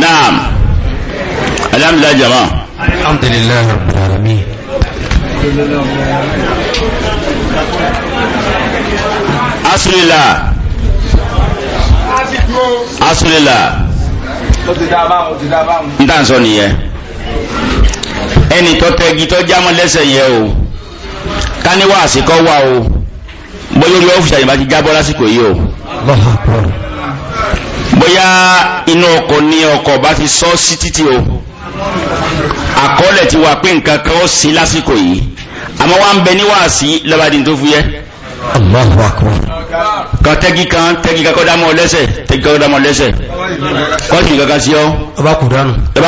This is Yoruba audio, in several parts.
naam alhamdulillah jama alhamdulillah rabbil alamin asirila asirila n tà ń sọ nìyẹn ẹnì tó tẹ igi tó jámọ́ lẹ́sẹ̀ yẹ o ká ní wàásì kọ́ wà o bóyá orí ọ́fíìsì àyìnbá ti jábọ́ lásìkò yìí o bóyá inú ọkọ̀ ní ọkọ̀ bá fi sọ sí títí o àkọọ́lẹ̀ ti wà pé nǹkan kan ó sí lásìkò yìí àmọ́ wá ń bẹ ní wàásí lọ́bàdì tó fúyẹ́ Allahu akbar kan tẹ́gì kan tẹ́gì kan kọ́dámọ́ lẹ́sẹ̀ tẹ́gì kan kọ́dámọ́ lẹ́sẹ̀ kọ́sì kankan sí ọ́ ọba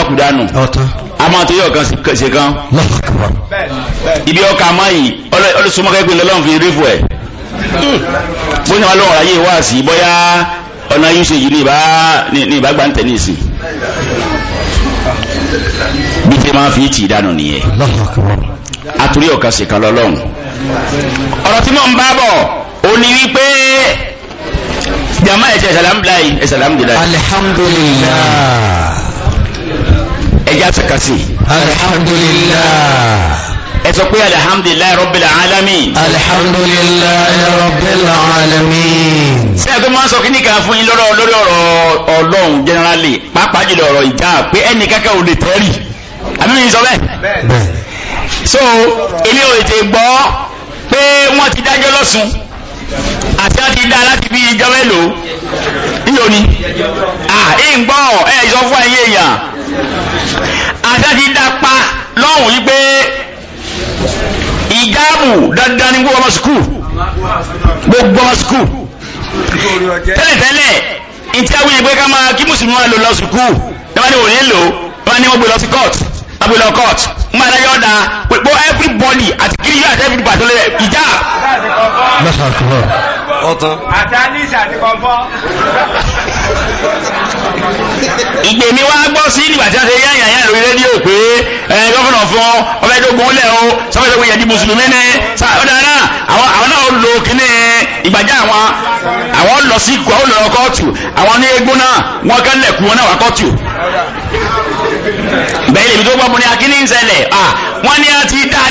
kùdánù a máa tó yọ kan sí kan ibi ọkà máa yìí ọlọ́sùnmọ́kẹ́ pé lọ́lọ́run fi rí fún ẹ̀ bóyá wọn lọ́wọ́ ayé wàásí bóyá ọ̀nà usage ní ìbá ní ìbá gbà ń tẹ̀ ní ìsìn bí tí máa fi tì dànù nìyẹn àtúrí ọ̀ka ṣèkan lọ́lọ́run ọ̀rọ̀ tí mò ń bá bọ̀ ó ní wípé jama ẹ̀sẹ̀ ẹ̀sàlámdìláì ẹ̀sàlámdìláì alhamdulillah ẹjá tẹ̀ka sí alhamdulillah ẹ sọ pé alhamdulillah rabbil alamin alhamdulillah rabbil alamin máa ń sọ kíní kan fún yín lọ́rọ̀ lórí ọ̀rọ̀ ọlọ́run generally pàápàá jùlọ ọ̀rọ̀ ìjà pé ẹnì kankan ò lè tẹ́rì àbí mi sọ bẹ́ẹ̀. so èmi ò tè gbọ́ pé wọ́n ti dájọ́ lọ́sùn àti àti dá láti bí ìjọ mélòó nílò ni ẹ̀ ń gbọ́ ẹ̀ sọ fún ẹ̀yìn èèyàn àti àti dá pa lọ́hùn yí pé ìjáàbù dandan ní gbogbo ọmọ sùkúù gbogbo ọmọ sùkúù tẹ́lẹ̀tẹ́lẹ̀ ìtí àwọn ìgbé ká máa kí mùsùlùmí wà lò lọ sùkú lọ́wọ́ ni òní lò wọ́n ní wọ́n gbé lọ sí court àgbè lọ court ń bá adájọ́ da pẹ̀pọ̀ everybody àti kiri yóò àti everybody tó lè ìjà. ọ̀tán. àtàlísà àti kọ̀ọ̀fọ́ ìgbèmí wá gbọ́ sí ìgbà tí a ṣe yáyà yá lórí rédíò pé gọ́fìnà fún ọbẹ̀ dógún lẹ̀ o sọ́wọ́sọ́wọ́ yẹ̀ di mùsùlùmí ní sáàdá náà àwọn náà lo kíní ìgbàjá àwọn àwọn lọ sí ikú àwọn lọ kọ́ọ̀tù àwọn ní egbó náà wọ́n kẹ́lẹ̀ wọn náà wà kọ́ọ̀tù bẹ́ẹ̀ lèmi tó gbọ́mọ ní akíní ń ṣẹlẹ̀ wọ́n ní a ti dá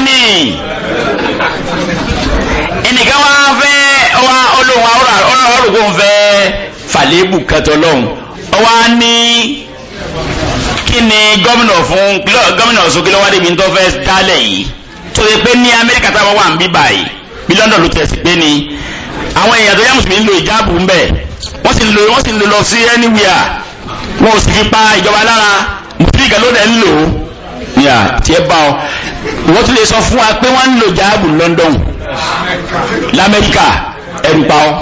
ẹnìkan wá fẹ́ẹ́ ọwá ọlọ́run ọlọ́run fẹ́ fàlébù kẹtọ lọ́hùn ọwá ní kí ni gómìnà fún gómìnà sókè lọ́wọ́ débi tó fẹ́ dálẹ̀ yìí tó lè pé ní amẹ́ríkà táwọn wà ń bí báyìí bí ló tẹ̀sí pé ni àwọn èèyàn tó yá mùsùlùmí ń lo ìjáàbù ń bẹ̀ wọ́n sì ń wọ́n sì ń lọ sí anywhere wọn ò sì fi pa ìjọba lára mùsùlùmí kan ló dẹ̀ ń lò ó yà tiẹ̀ bá ọ wọ́n tún lè sọ fún wa pé wọ́n ń lo ìjáàbù london lamẹ́ríkà ẹ̀rù pa ọ́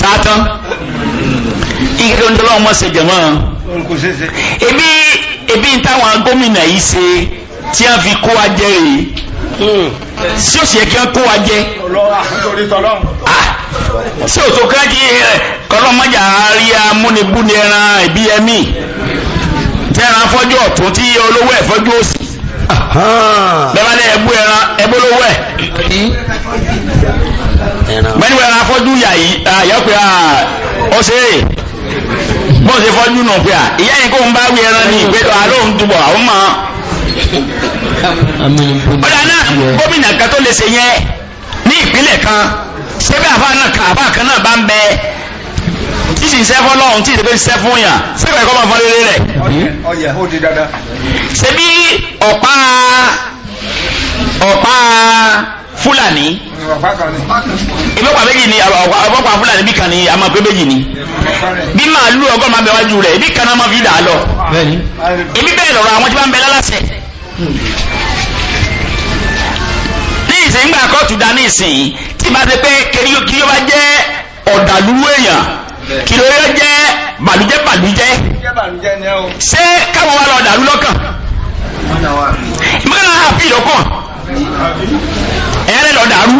sátán ìgbẹ́kẹ́ ń tọ́lọ́ ọmọ ṣe jẹ̀mọ́ ebi ebi ń táwọn gómìnà yìí ṣe tí a fi kó wa jẹ rèé tí o sì yẹ kí wọ́n kó wa jẹ sí ah, òtò káàkiri eh, kọlọ́mọjà rí amúnibúni ẹran ìbí ẹmí tí ẹran afọ́jú ọ̀tún tí olówó ẹ̀fọ́jú òsì bẹ́ẹ̀ bá dé ẹbú ẹran ẹbú olówó ẹ̀ gbẹ́niwẹ̀ ẹran afọ́jú yà yìí àyọ́ pé à ó ṣe é bọ́ ṣe fọ́jú nù pé à ìyá yìí kò ń bá wí ẹran ní ìgbé àlóhùn túbọ̀ àwọn mọ̀ ọ̀dà náà gómìnà kan tó lè ṣe yẹn ní ìpínlẹ̀ kan sẹ́bẹ̀ àbá kan náà bá ń bẹ tí sì ń sẹ́ fọ́ lọ́hùn tí ìdẹ́gbẹ́ ń sẹ́ fún yàn sẹ́bẹ̀ kọ́ máa fọ́ lélẹ̀ rẹ̀ ṣe bí ọ̀pá ọ̀pá fúlàní ìbọ̀pá méjì ni àbọ̀pá fúlàní bí kan ni àmọ́ pé méjì ni bí màálù ọgọ́ máa bẹ wájú rẹ̀ ibi kan náà máa fi dà á lọ ibi bẹ́ẹ̀ lọ́rọ̀ àwọn tí wọ́n ń bẹ lálàsẹ̀ ní ìsìn ńgbà kóòtù dá ní ìsìn tí bá ti pé kiri yóò bá jẹ́ ọ̀dàlúwò èèyàn kiri yóò jẹ́ bàlújẹ́ bàlújẹ́ ṣé káwọn wà lọ ọ̀dàlú lọ́kàn mọ́nà àfi ìlọ́kàn ẹ̀yìn rẹ̀ lọ dàrú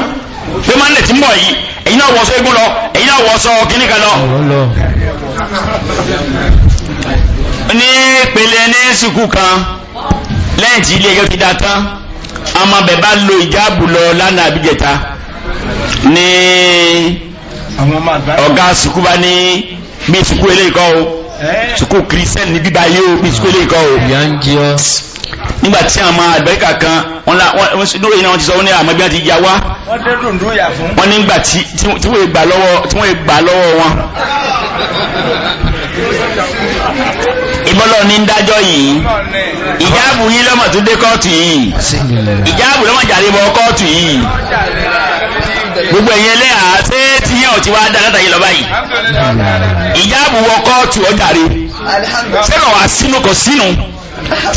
pé máa ń lè ti mọ̀ yìí ẹ̀yìn náà wọ́sọ egun lọ ẹ̀yìn náà wọ́sọ kíní kan lọ. ní ìpele ní sùkú kan lẹ́yìn tí ilé ẹjọ́ ti da tán ọmọ bẹ̀ bá lo ìjáàbù lọ lánàá àbíjẹta ní ọ̀gá sùkú bá ní bí sùkú eléyìí kọ́ o sùkú kìrìsẹ́nì ní bíbá yìí o bí sùkú eléyìí kọ́ o nígbà tí àwọn àgbẹ̀ríkà kan wọ́n lórí iná wọn ti sọ wọ́n ní àmọ́ bí wọ́n ti ya wá wọ́n nígbà tí wọ́n gbà lọ́wọ́ wọn ìbọ́lọ̀ ní dájọ́ yìí ìjáàbù yìí lọ́mọ tó dé kóòtù yìí ìjáàbù lọ́mọ jàre bọ kóòtù yìí gbogbo ẹ̀yìn ẹlẹ́yà ṣé tí yẹn ò ti wá dá látàyè lọ́ba yìí ìjáàbù wọ kóòtù ọjàre sẹ́nà wà sínú kò sínú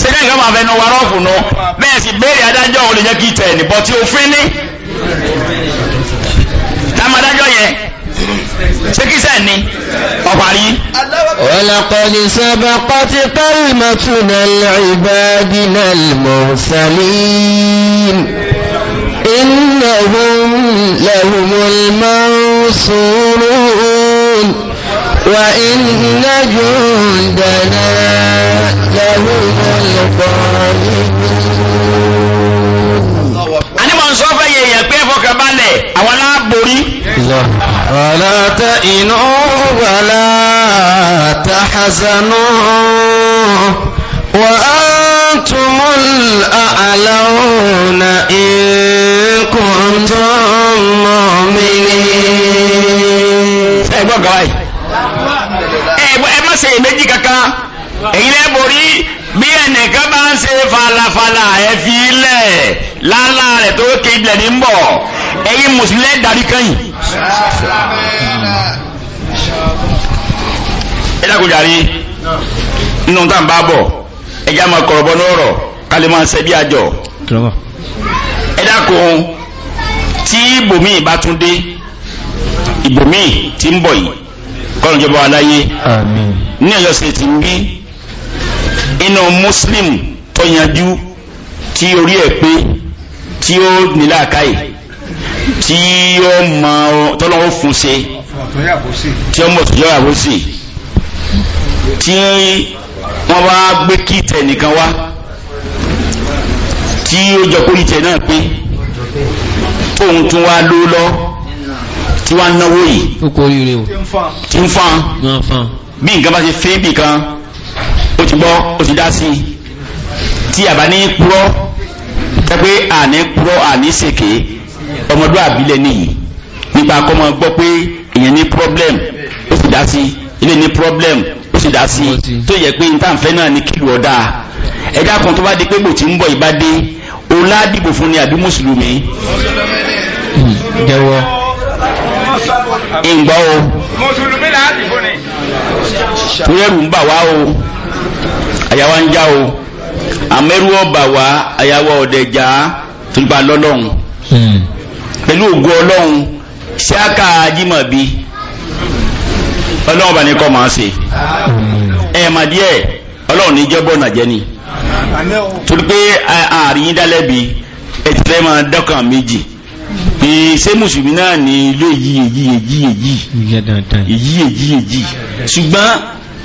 ṣe jẹ́ nǹkan máa fẹnu wa rọ́ọ̀fù nu bẹ́ẹ̀ sì béèrè adájọ́ òun lè jẹ́ kí tẹ̀ ní bọ́tí òfin ní táwọn yẹn ṣé kí sẹ́ẹ̀ ni ọ̀parí. ولقد سبقت كلمتنا لعبادنا المرسلين إنهم لهم المنصورون وإن جندنا لهم الغالبون ani mo sọ fẹ́ yẹ̀yẹ̀ pé fọkàn balẹ̀ àwọn aláàbòrí. wàlá tẹ inú wàlá tẹ hasanu wa antumul a'launa in kuntum mu'minin. ẹ gbọ́ gàwáyé se ṣe méjì kankan èyí lẹ́ borí bí ẹnìkan bá ń ṣe falafala ẹ fi ilẹ̀ lálá rẹ̀ tó ké ilẹ̀ ní bọ̀ ẹ̀yin mùsùlùmí lẹ́ darí kẹ́yìn. ẹ dákun jàre nínú tá à bá bọ̀ ẹ já máa kọ̀rọ̀ lọ́rọ̀ ká máa ṣe bí àjọ. ẹ dákun tí ibòmíì bá tún dé ibòmíì tí ń bọ̀ yìí kọ́nù jọba aláyé ní ọ̀yọ́ state ń bí iná muslim tó yanjú tí orí ẹ̀ pé tí ó nílá àkáyè tí ó mọ tọ́lọ́wọ́ fún ṣe tí ó mọ̀ tó yọ àbòsí tí wọ́n bá gbé kí tẹ̀ nìkan wá tí ó jọ kórìtẹ̀ náà pé tóun tún wá ló lọ́ọ́ tí wá náwó yìí ó kó oríire o tí ń fán bí nǹkan bá ti fi bì kan ó ti gbọ́ ó ti dá sí i tí àbá ní purọ́ tẹ́ pé àní purọ́ àní ṣèké ọmọdé àbílẹ̀ nìyí nípa akọ́mọ gbọ́ pé èèyàn ní problem ó sì dá sí ilé ní problem ó sì dá sí tó yẹ pé níta nfẹ́ náà ní kílù ọ̀dà ẹ̀dá kan tó bá di pé bò tí ń bọ̀ ìbá dé òun ládìbò fún ni àbí mùsùlùmí. Hmm, jẹ́wọ́ ìgbọ́ o mùsùlùmí láti fún ni. tóyẹ̀rù ń bà wá o àyà wa já o àmẹ́rù ọ̀bà wá àyà wa ọ̀dẹ̀já tó ń pa lọ́lọ́run hmm. pẹ̀lú ògùn ọlọ́run ṣáàkà ajímọ̀bí ọlọ́run bá ní kọ́ máa ṣe hmm. ẹ̀ mà díẹ̀ ọlọ́run ní jẹ́ bọ́ọ̀nà jẹ́ ni torí pé ààrin dálẹ́bi ẹ̀ ti fẹ́ máa dọ́kàn méjì pé ṣé mùsùlùmí náà ní ilé èyí èyí èyí èyí èyí èyí èyí ṣùgbọ́n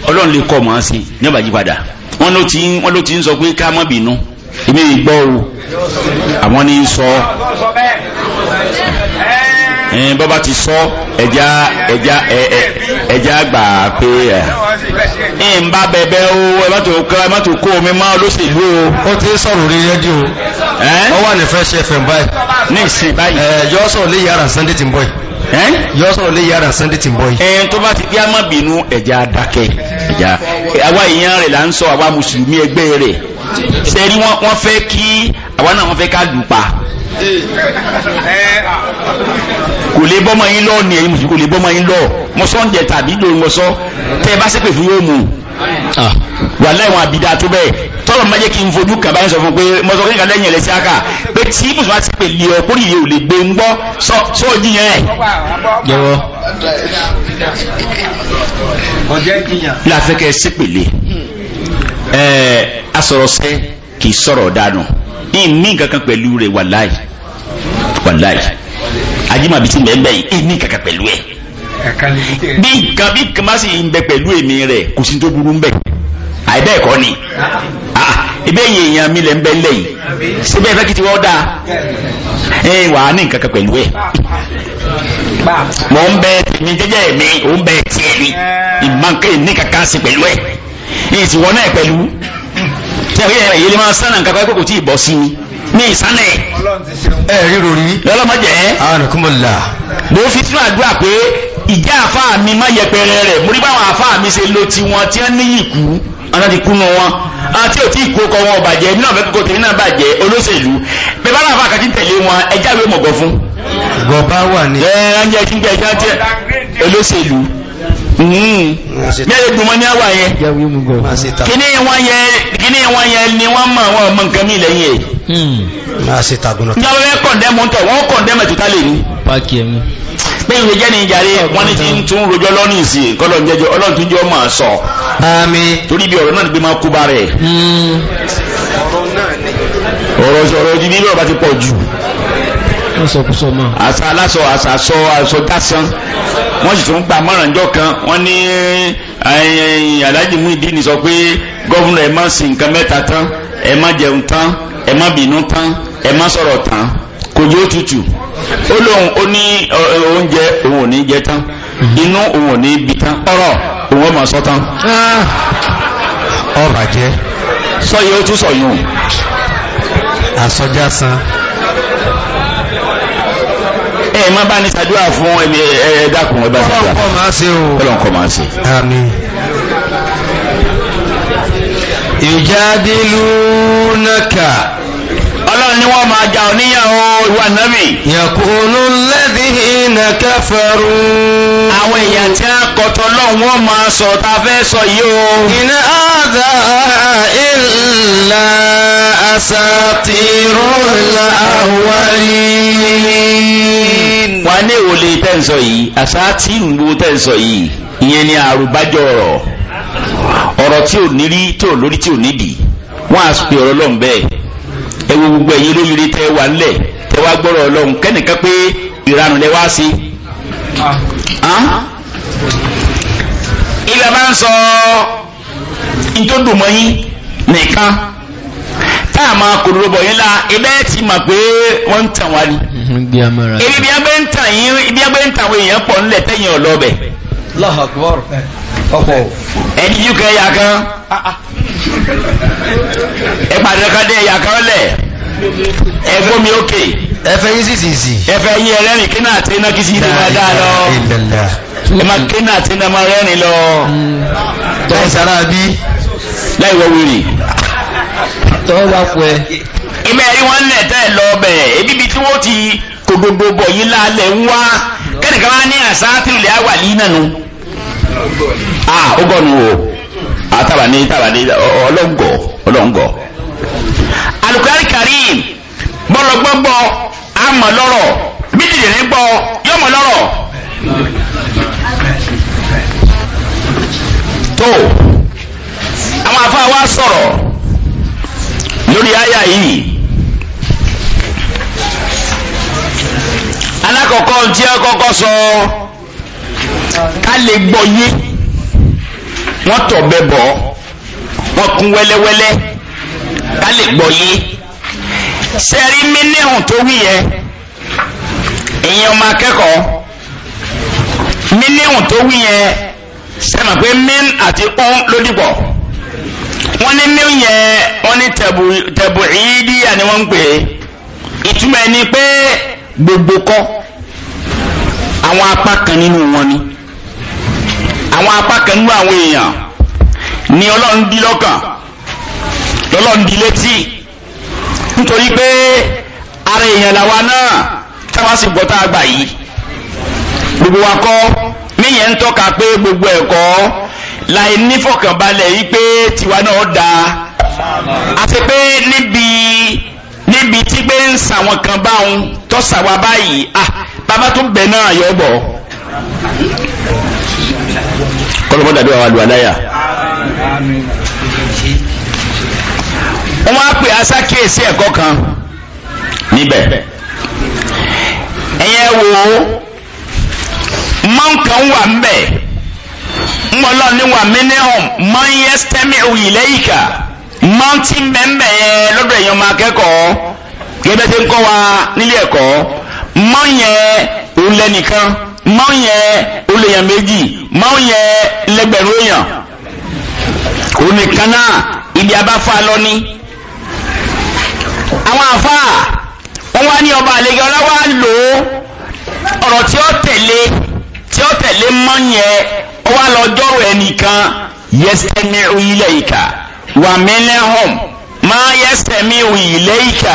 ọlọ́run lè kọ́ màá sí ní ọ̀bàjì padà wọ́n ló ti wọ́n ló ti ń sọ pé ká má bínú èmi ìgbọ́ o àwọn ní í sọ bọ́bá ti sọ ẹja ẹja ẹja gbà pé ẹ̀ ń bá bẹ̀bẹ̀ o ẹ má tó kó omi mọ́ olóṣèlú o. ó ti sọ̀rọ̀ rí rédíò ó wà ní Fresh FM báyìí. ní ìsìn báyìí. yọ sọ̀rọ̀ lé yàrá Sunday ti ń bọ̀ yìí. yọ sọ̀rọ̀ lé yàrá Sunday ti ń bọ̀ yìí. ẹ̀ tó bá ti bí a má bínú ẹja dákẹ́ ẹja àwa ìyẹn rẹ̀ là ń sọ àwa mùsùlùmí ẹgbẹ́ rẹ̀ sẹ́ni wọ́n fẹ́ kí àwa náà wọ́n fẹ́ ká lù pa kò lè bọ́mọ yín lọ ni èyí mùsùlùmí kò lè bọ́mọ yín lọ mọ́sọ́ ń jẹ tàbí lórí mọ́sọ́ tẹ́ ẹ bá ṣépè fún yóò mú ah. wà láìwọ̀n àbídá tó bẹ́ẹ̀ tọ́lọ̀ má jẹ́ kí n fojú kàbá yín sọ fún pé mọ́sọ́ kí n lẹ́yìn ẹ̀lẹ́sí àkà pé tí mùsùlùmí ti pè lè ọkùnrin yìí ò lè gbé ń gbọ́ sọ jíyàn ẹ̀. jọ̀wọ́ láfẹ́kẹ́ ṣépèlè ẹ̀ asọ̀rọ̀sẹ́ kì í sọ̀rọ̀ dànù ìní kankan pẹ̀lú rẹ̀ wàláì wàláì ajimabi ti mẹ́mbẹ́ yìí ìní kankan pẹ̀lú ẹ̀ bí nǹkan bí nǹkan bá sì ń bẹ pẹ̀lú èmi rẹ̀ kò sí tó burú ń bẹ àìbẹ́ ẹ̀kọ́ ni ah. Ah, ibẹ̀ yìí èèyàn mi lẹ̀ ń bẹ lẹ̀ yìí síbẹ̀ ìfẹ́ kì ti wọ́n dáa wà á ní nǹkan pẹ̀lú ẹ̀ mọ̀ ń bẹ tèmi jẹ́jẹ́ mi ò ń bẹ tiẹ̀ ni ìmọ̀ nǹkan ìní kankan sí pẹ̀lú ẹ̀ ìsìnwọ́n náà pẹ̀lú ẹ̀rí ẹ̀rẹ̀ yìí lè máa sánà nǹkan kọ́kọ́ tí ìbọ̀ sí mi ní ìsánẹ̀ ẹ̀rí rorí lọ́lọ́mọ́jẹ́ àrùnkúnmọ̀lá ló fi sínú àdúrà pé ìjà àfáà mi má yẹpẹrẹ rẹ̀ mo rí báwọn àfáà mi ṣe lo tiwọn tí wọ́n níyì kú ọ̀nà ti kúnnú wọn àti òtí ìkókọ wọn bàjẹ́ nínú ọ̀fẹ́ kókó tèmi náà bàjẹ́ olóṣèlú bẹ́ẹ̀ bá láǹfà kàtí tẹ̀lé wọn ẹjá mọ̀gọ́ fún. gọba wà ní. ẹ ẹ ẹ ń jẹ ẹ ti ń jẹ ẹ ti ń jẹ olóṣèlú mẹ́rin hmm. gbùmọ́ ní àwà yẹn kíní wọ́n yẹn ni wọ́n mọ̀ wọ́n mọ̀ nǹkan mí lẹ́yìn ẹ̀ ìjọba hmm. kọ̀ndẹ́mù tọ̀ wọ́n kọ̀ndẹ́mù ẹ̀tútà lè ní pé ìwé jẹ́ ní ìjàre wọ́n ní ti ń tún rojọ́ lọ́nà ìsì kọ́lọ̀ jẹjọ ọlọ́run tún jẹ́ ọmọ sọ torí bí ọ̀rọ̀ náà ni pé máa kú bá rẹ̀ hmm. ọ̀rọ̀ ọ̀rọ̀ ojú bí ọ̀rọ̀ bá ti pọ̀ jù àṣà aláṣọ àṣà aso aso dásán wọ́n sì tún gba mọ́ràn jọ kan wọ́n ní aláàjì Muyideen sọ pé gọ́vùnà ẹ̀ má sí nǹkan mẹ́ta tán ẹ̀ má jẹun tán ẹ̀ má bínú tán ẹ̀ má sọ̀rọ̀ tán kò yóò tutù ó lóun ó ní oúnjẹ òun ò ní jẹ tán inú òun ò ní bi tán ọ̀rọ̀ òun ó máa sọ tán. ọ̀bàjẹ́. sọ yìí ó tún sọ yìí o. àsọjá san ẹ má bá ní ṣàdúrà fún ẹ̀mí ẹ̀ẹ́dàkùn ẹ̀bá ṣàdúrà fún ọlọ́nkọ̀ máa ṣe àmín ìjádìlúnàkà ọlọ́run ni wọ́n máa jà ọ níyàwó ìwà náà mi yẹ̀kùnlú الذين كفروا àwọn èèyàn tí a kọ̀tọ̀ lọ́wọ́ wọn máa sọ ta fẹ́ sọ yìí o in hadha illa asatirul awwalin wà ní ìwòlè tẹ́ǹsọ yìí àsátírù gbogbo tẹ́ǹsọ yìí ìyẹn ni àrùbájọ ọ̀rọ̀ ọ̀rọ̀ tí ò nírí tó lórí tí ò nídìí wọ́n á pè ọ̀rọ̀ lọ́nbẹ́ẹ̀ ẹ wo gbogbo ẹ̀yin lóyún tẹ́ wà ńlẹ̀ tẹ́ wá gbọ́rọ̀ ọlọ́run kẹ́nìkan pé ìranù lẹ wá sí. Ah. Ah. ilẹ̀ máa ń sọ ntòdùmọ̀yìn nìkan tá a máa kò lóbọ̀ yín la ibẹ̀ ti mà pé wọ́n ń tàn wá ni. ibi mhm, abẹ́ ń tàn yín ibi abẹ́ ń tàn wọ́n èèyàn pọ̀ nílẹ̀ tẹ̀yìn ọ̀lọ́bẹ̀. Allahu Akbar eh, ọ̀pọ̀. ẹni yìí kẹ́ ẹ̀yà kan ah, ẹ̀ pàdé kan dé ẹ̀yà kan lẹ̀ ẹgbọ́n mi ókè ẹfẹ́ yí sísìsì ẹfẹ́ yí ẹlẹ́rìn kí náà tí iná kí sí ìdí máa dáa lọ ẹmà kí náà tí iná máa rẹ́rìn lọ tọ́sára mm. bí láìwọ̀ wèrè tọ́wọ́ fún ẹ ìmẹ̀ rí wọ́n lẹ̀ tẹ́ lọ bẹ̀ ebíbi tí wọ́n ti kò gbogbo bọ̀ yí lálẹ̀ ń wá kẹ́nìkan wá ní àṣà tí ilẹ̀ á wà ní nànú ah ó gọ́nu o àtàbà ní tàbà ní ọlọ́ngọ̀ ọlọ́ngọ̀ Alukari karim gbọ́lọgbọ́gbọ́ amọ̀lọ́rọ̀ mídìdínlẹ́gbọ́ yọmọlọ́rọ̀ tó àwọn afáà wa sọ̀rọ̀ lórí àyà yìí alákọ̀ọ́kọ́ tí a kọ́kọ́ sọ ká lè gbọ́ yé wọ́n tọ̀ bẹ́ bọ́ wọ́n kún wẹ́lẹ́wẹ́lẹ́. ká lè gbọ́ yé sẹ́rí mílíọ̀nù tó wí yẹ ìyẹn ọmọ akẹ́kọ̀ọ́ mílíọ̀nù tó wí yẹ sẹ́mà pé mílíọ̀nù àti ọ́n ló dìbọ̀ wọ́n ní mílíọ̀nù yẹ wọ́n ní tẹ̀bù ìdíyà ni wọ́n ń pè é ìtumọ̀ ẹni pé gbogbo kọ́ àwọn apá kan wọn ni àwọn apá kan nínú àwọn ni ọlọ́run bí lọ́kàn. lọ́lọ́ ń di létí nítorí pé ara èèyàn làwa náà táwa sì gbọ́ tá a gbà yìí gbogbo wa kọ́ níyẹn ń tọ́ka pé gbogbo ẹ̀kọ́ láì nífọ̀kànbalẹ̀ yìí pé tiwa náà da àti pé níbi níbi tí pé ń sàwọn kan báwọn tó sàwa báyìí ah bàbá tó bẹ̀ náà yọ̀ bọ̀ kọlọmọdàdúrà wà lù wọ́n á pè aṣákèésí ẹ̀kọ́ kan níbẹ̀ ẹ̀yẹ wo mọ́ǹkan wà ń bẹ̀ ńgbọ́lọ́ ní wà míníọ̀m máa ń yẹ stẹ́mì òyì lẹ́yìnkà mọ́ǹtì mẹ́mẹ́ yẹ lọ́dọ̀ èèyàn máa kẹ́kọ̀ọ́ gẹ́gẹ́ tí ń kọ́ wa nílé ẹ̀kọ́ mọ́ǹ yẹ òun lẹ́nìkan mọ́ǹ yẹ òun lèèyàn méjì mọ́ǹ yẹ lẹ́gbẹ̀rún èèyàn òun náà ìdí abáfà lọ àwọn àfáà wọ́n wá ní ọba àlejò ọláwà lò ó ọ̀rọ̀ tí ó tẹ̀lé tí ó tẹ̀lé mọ́ yẹn ó wá lọ jọ́rò ẹnìkan yẹsẹ̀mí ilẹ̀ ìkà wà mẹ́lẹ́họ̀m máa yẹsẹ̀mí ilẹ̀ ìkà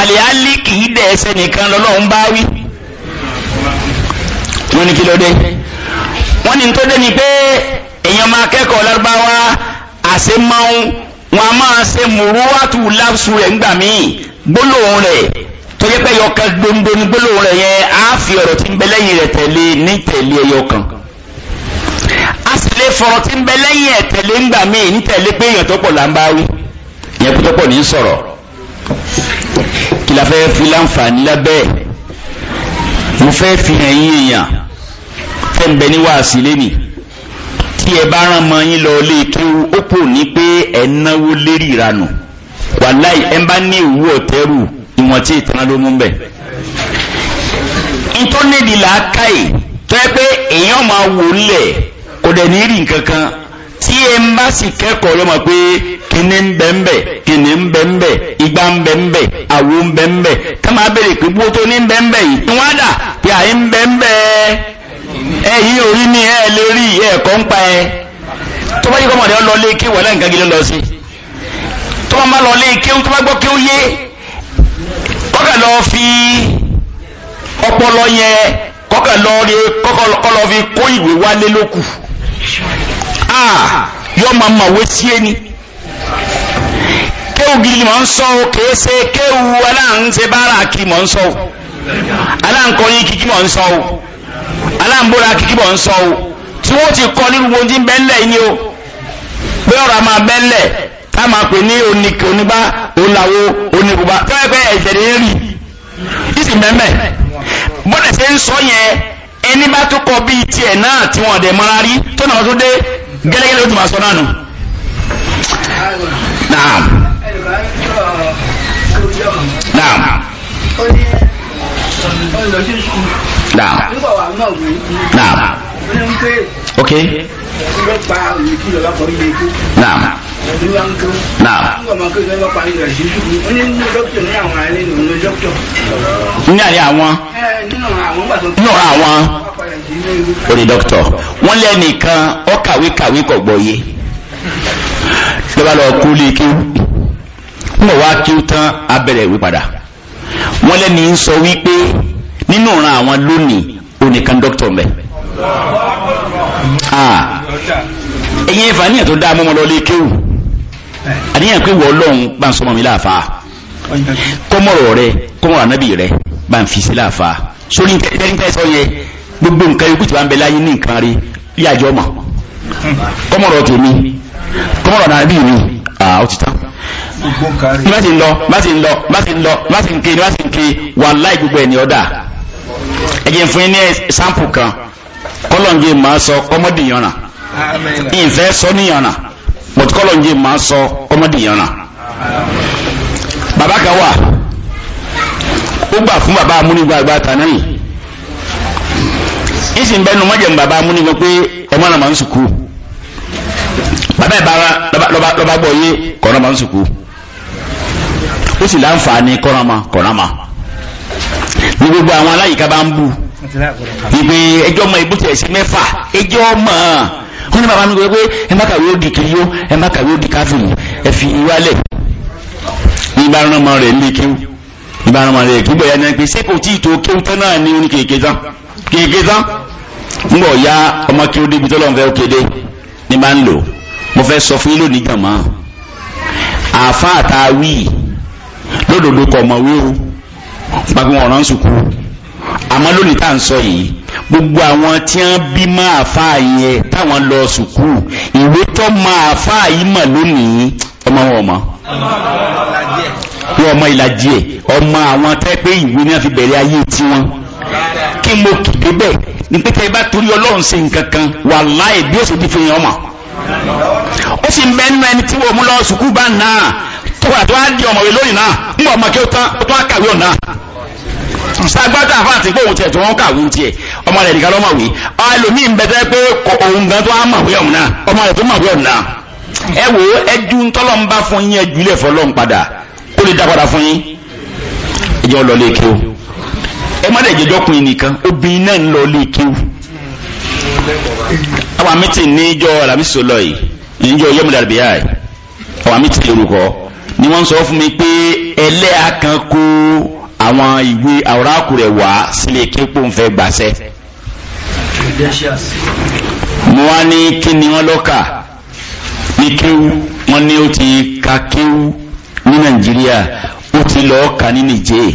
àlẹ́álí kì í dẹ̀ ẹsẹ̀ nìkan lọ́lọ́run bá wí. wọ́n ní kí ló dé wọ́n ní tó dé ni pé èèyàn máa kẹ́kọ̀ọ́ lárúbáwá àṣemáwó wọn a máa ṣe mùrúwátù láṣù rẹ̀ ńgbà míì gbólóhùn rẹ̀ tó yẹ pé yọkan gbòǹgbò ní gbólóhùn rẹ̀ yẹn á fi ọ̀rọ̀ tí ń bẹ lẹ́yìn rẹ̀ tẹ̀lé ní tẹ̀lé ẹyọkan a sì lè fọ̀rọ̀ tí ń bẹ lẹ́yìn ẹ̀ tẹ̀lé ńgbà míì ní tẹ̀lé pé èèyàn tó pọ̀ là ń bá wí ìyẹn kó tó pọ̀ ní sọ̀rọ̀ kí la fẹ́ fi láǹfààní lábẹ́ mo fẹ́ fi hàn yín èèyàn fẹ́ ń bẹ ní wàásì lénìí tí ẹ bá rán mọ yín lọ lé e kí ó kò ní pé ẹ náwó lérí ìranù wàláì ẹ bá ní ìwú ọ̀tẹ́rù ìwọ̀n tí ìtàn ló mú bẹ̀. ìtọ́nẹ́dì làákàyè tó yẹ pé èèyàn máa wò lẹ̀ kò dẹ̀ ní rí nǹkan kan tí ẹ ń bá sì kẹ́kọ̀ọ́ lọ́mọ pé kíní ń bẹ ń bẹ kíní ń bẹ ń bẹ igbá ń bẹ ń bẹ àwo ń bẹ ń bẹ ká máa béèrè pé bó tó ní ń bẹ ń bẹ yìí wọ́n á dà pé àyè ń bẹ ń bẹ ẹ̀yìn orí ni ẹ̀ lè rí ẹ̀kọ́ ń pa ẹ tó bá yí kọ́mọdé ọ lọ lé kí wọ́n lẹ́ǹkan gidi lọ sí i. tó bá ma lọ lé kéwú tó bá gbọ́ yé kọ́kà lọ fi ọpọlọ yẹn kọ́kà lọ rí kọ́kọ́ fi kó ìwé wálé lókù yọ máa ma wé sí ẹni kéwú gidi mọ̀ ń sọ o kìí ṣe kéwú aláǹṣe bára kì mọ̀ ń sọ o aláǹkọrin kìkì mọ̀ ń sọ o aláǹbóra mọ̀ ti ká máa pè ní onígbà oláwo onígbà tí wọ́n fẹ́ ẹ̀jẹ̀ ní rí ìsì mẹ́mẹ́ bọ́dẹ̀ ṣe ń sọ yẹn ẹni bá tó kọ bíi tiẹ̀ náà tí wọ́n dẹ̀ mọ́ra rí tó náà tó dé gẹ́lẹ́gẹ́lẹ́ ó ti máa sọ náà nù. Naam ok. naam naam. ní àyà àwọn. nínú àwọn. orí dókítọ̀ wọ́n lẹ́nìkan ọ kàwé kàwé kò gbọ́ yé lọ́ba lọ kú lé kí n bọ̀ wá kí n tán abẹ́rẹ́ ìwé padà wọ́n lẹ́ni ń sọ wípé nínú ìran àwọn lónìí onìkan dókítọ̀ mẹ́rin. Ah. ẹ̀yìn ẹ̀fà níyàn tó dáa mọ́mọ́ lọ lé kéwù àníyàn pé wọ́n lọ́hùn bá ń sọmọ mi láàfa kọ́mọ̀rọ̀ rẹ kọ́mọ̀rọ̀ ànábì rẹ bá ń fi sí láàfa sórí tẹ́lifẹ́sọ yẹ gbogbo nǹkan yòókù tí wọ́n bẹ láyé ní nǹkan rí yíyàjọ́ mọ̀ kọ́mọ̀rọ̀ tèmi kọ́mọ̀rọ̀ ànábì mi ah, ó ti tán bá ti ń lọ bá ti ń lọ bá ti ń lọ bá ti ń ké bá ti gbogbo ẹ̀ ní ọ̀dà ẹ̀jẹ̀ fún yín ní sáǹpù kan. kọ́lọ̀njẹ́ máa sọ kọ́mọ́dìyànrà ìfẹ́ sọ níyànrà bọ̀tí kọ́lọ̀njẹ́ máa sọ kọ́mọ́dìyànrà. bàbá kan wà ó gbà fún bàbá amúnigbàgbà tàná yìí baba bẹ́ẹ̀ nu mọ́jẹ̀ ń bàbá amúnigbà pé ọmọ náà máa ń sùkú bàbá ìbára lọ́ba gbọ́ yé kọ́nà máa ń sùkú ó sì láǹfààní kọ́nà máa kọ́nà máa ní gbogbo àwọn aláyìíká bá ń bù ìpè ẹjọ́ ọmọ ìbútí ẹ̀sìn mẹ́fà ẹjọ́ ọmọ wọn ní bàbá mi gbé ẹ má kàwé òdì kiri ó ẹ má kàwé òdì káfíìn ẹ fi ìwálẹ̀ ìbáranmọ rẹ̀ ní kíw ìbáranmọ rẹ̀ kí bóyá náà pé ṣé kò tí ì tó kíw tán náà ní oníkèké tán kéèké tán ń bọ̀ ya ọmọ kí ó débi tó lọ́n fẹ́ kéde ní bá ń a wí lódòdó kọ̀ ọmọ wíwú pàgbọ́n ọ̀ràn sùkúrù àmọ́ lónìí tá à ń sọ yìí gbogbo àwọn tí wọ́n bí máa fà yẹn táwọn lọ sùkúù ìwé tó máa fà yìí mọ̀ lónìí ọmọ wọn mọ̀ ọmọ ìlàjì ẹ̀ ọmọ àwọn tẹ́ pé ìwé náà fi bẹ̀rẹ̀ ayé tiwọn kí mo kìdé bẹ́ẹ̀ ni pé tẹ́ bá torí ọlọ́run ṣe nǹkan kan wàláhì bí òṣèlú fi yàn ọmọ ó sì ń bẹ nínú ẹni tí wọ́n mú lọ sùkúù bá náà tó wà tó wá di ọmọwé lónìí náà ń bọ̀ ọmọ kí ó tán ó tó wá kàwé ọ̀nà sagbata afa àti pé òun tiẹ̀ tó wọ́n kàwé tiẹ̀ ọmọ rẹ̀ nìkan lọ́mọ̀ wí ẹlòmíì ń bẹ́tẹ́ pé òun gan tó á mọ̀ wí ọ̀hún náà ọmọ rẹ̀ tó mọ̀ wí ọ̀hún náà ẹ wo ẹjú tọ́lọ́ ń bá fún yín ẹjú ilé ẹ̀fọ́ lọ́n padà ó lè dá fún yín ẹjọ́ lọ lé kí o ẹ má dẹ̀ jẹjọ́ kun nìkan obìnrin náà ń lọ lé kí o. àwọn amítì níjọ́ alamísọ lọ yìí níjọ́ yọmọdàbíyà àwọn amítì lórúkọ ni wọ́n sọ fún mi pé àwọn ìwé àwòrákù rẹ̀ wá sílé képo ń fẹ́ gbàṣẹ́ mo wá ní kí ni wọ́n lọ́kà ní kéwú wọ́n ní ó ti ka kéwú ní Nàìjíríà ó ti lọ́ọ́ ka ní nìjẹ́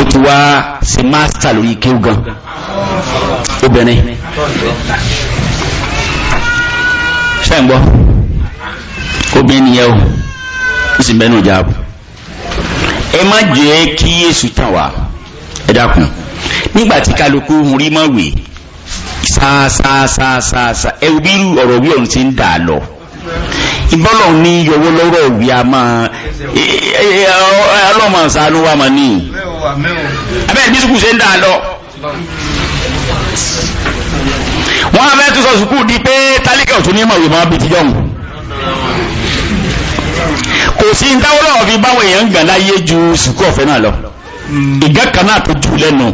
ó ti wá ṣe mástà lórí kéwú gan obìnrin ṣe ń gbọ́ obìnrin nìyẹn ó sì bẹ́ẹ̀ jáàbù ẹ má jẹ́ kí èṣù tàn wá ẹ dákun nígbàtí kálukú ń rí mọ̀wé sáásáásáásá ẹ wo bírú ọ̀rọ̀ wí ọ̀run ti ń dà lọ ìbọ́lọ̀ ní yọwọ́ lọ́rọ̀ òwì a máa ọlọ́mọ ṣàánú wa mà ní abẹ́ẹ̀ bí ṣe ń dà lọ wọ́n á fẹ́ tún sọ sùkúù di pé tálíkà ò ní mọ̀wé máa bìtì jọ̀hún kò sí ń dáwọ́ lọ́wọ́ fi báwọn èèyàn ń gbà láyé ju sùkú ọ̀fẹ́ náà lọ ìgá kan náà tó jù lẹ́nu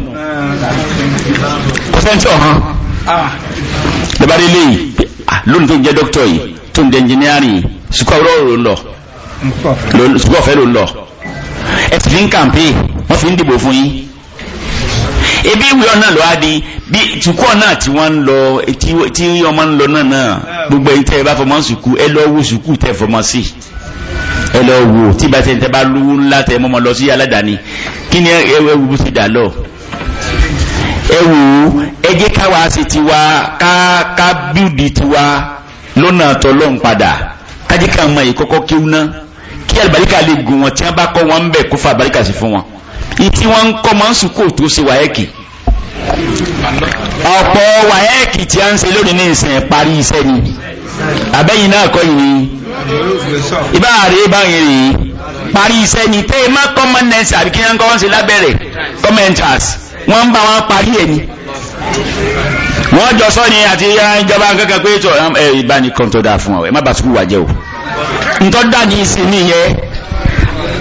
kò sẹ́ńtì ọ̀hán lẹ́bàrí lè lónìí tó ń jẹ́ dókítọ̀ yìí tó ń jẹ́ ẹnjìníárì sùkú ọ̀fẹ́ ló ń lọ sùkú ọ̀fẹ́ ló ẹ ti fi ń kàǹpé wọ́n fi ń dìbò fún yín ebi ìwé ọ̀nà lọ á di bí ìtukọ̀ náà tí wọ́n ń lọ tí ọmọ ń lọ náà náà gbogbo ẹ̀yin tẹ́ ẹ bá fọmọ sùkú ẹ lọ sùkú tẹ́ fọmọ sí. Si ẹlọ wò tí bá tẹ́ bá lówó ńlá tẹ mọ́mọ́ lọ sí aládàáni kí ni ẹwù bó ti dà lọ ẹwù ẹjẹ́ káwa sì ti wa ká ká bíùdì ti wa lọ́nà tọ́lọ́n padà kájí ká mọ èyí kọ́kọ́ kí ná kí àlùbáríkà lè gùn wọn tí wọn bá kọ́ wọn ń bẹ̀ kó fa àlùbáríkà sí fún wọn ìtí wọn ń kọ́ máa ń sùkúù tó ṣe wáyẹ́kì ọ̀pọ̀ wáyẹ́kì tí a ń ṣe lónìí ní ìsìn parí iṣẹ́ ni àbẹ́yìn náà kọ́ yìí ibá àrẹ bá yìí rí parí iṣẹ́ ni tẹ́ má kọ́mọ́nẹ́sì àbí kí wọ́n kọ́ wọ́n sí lábẹ́rẹ̀ commenters wọ́n bá wọn parí ẹni wọ́n jọ sọ ni àti ìjọba kankan pé tó ẹ ìbánikọ́ tó dáa fún ọ ẹ má bàa sùkúù wà jẹ́ o ntọ́ dà ní ìsìn nìyẹn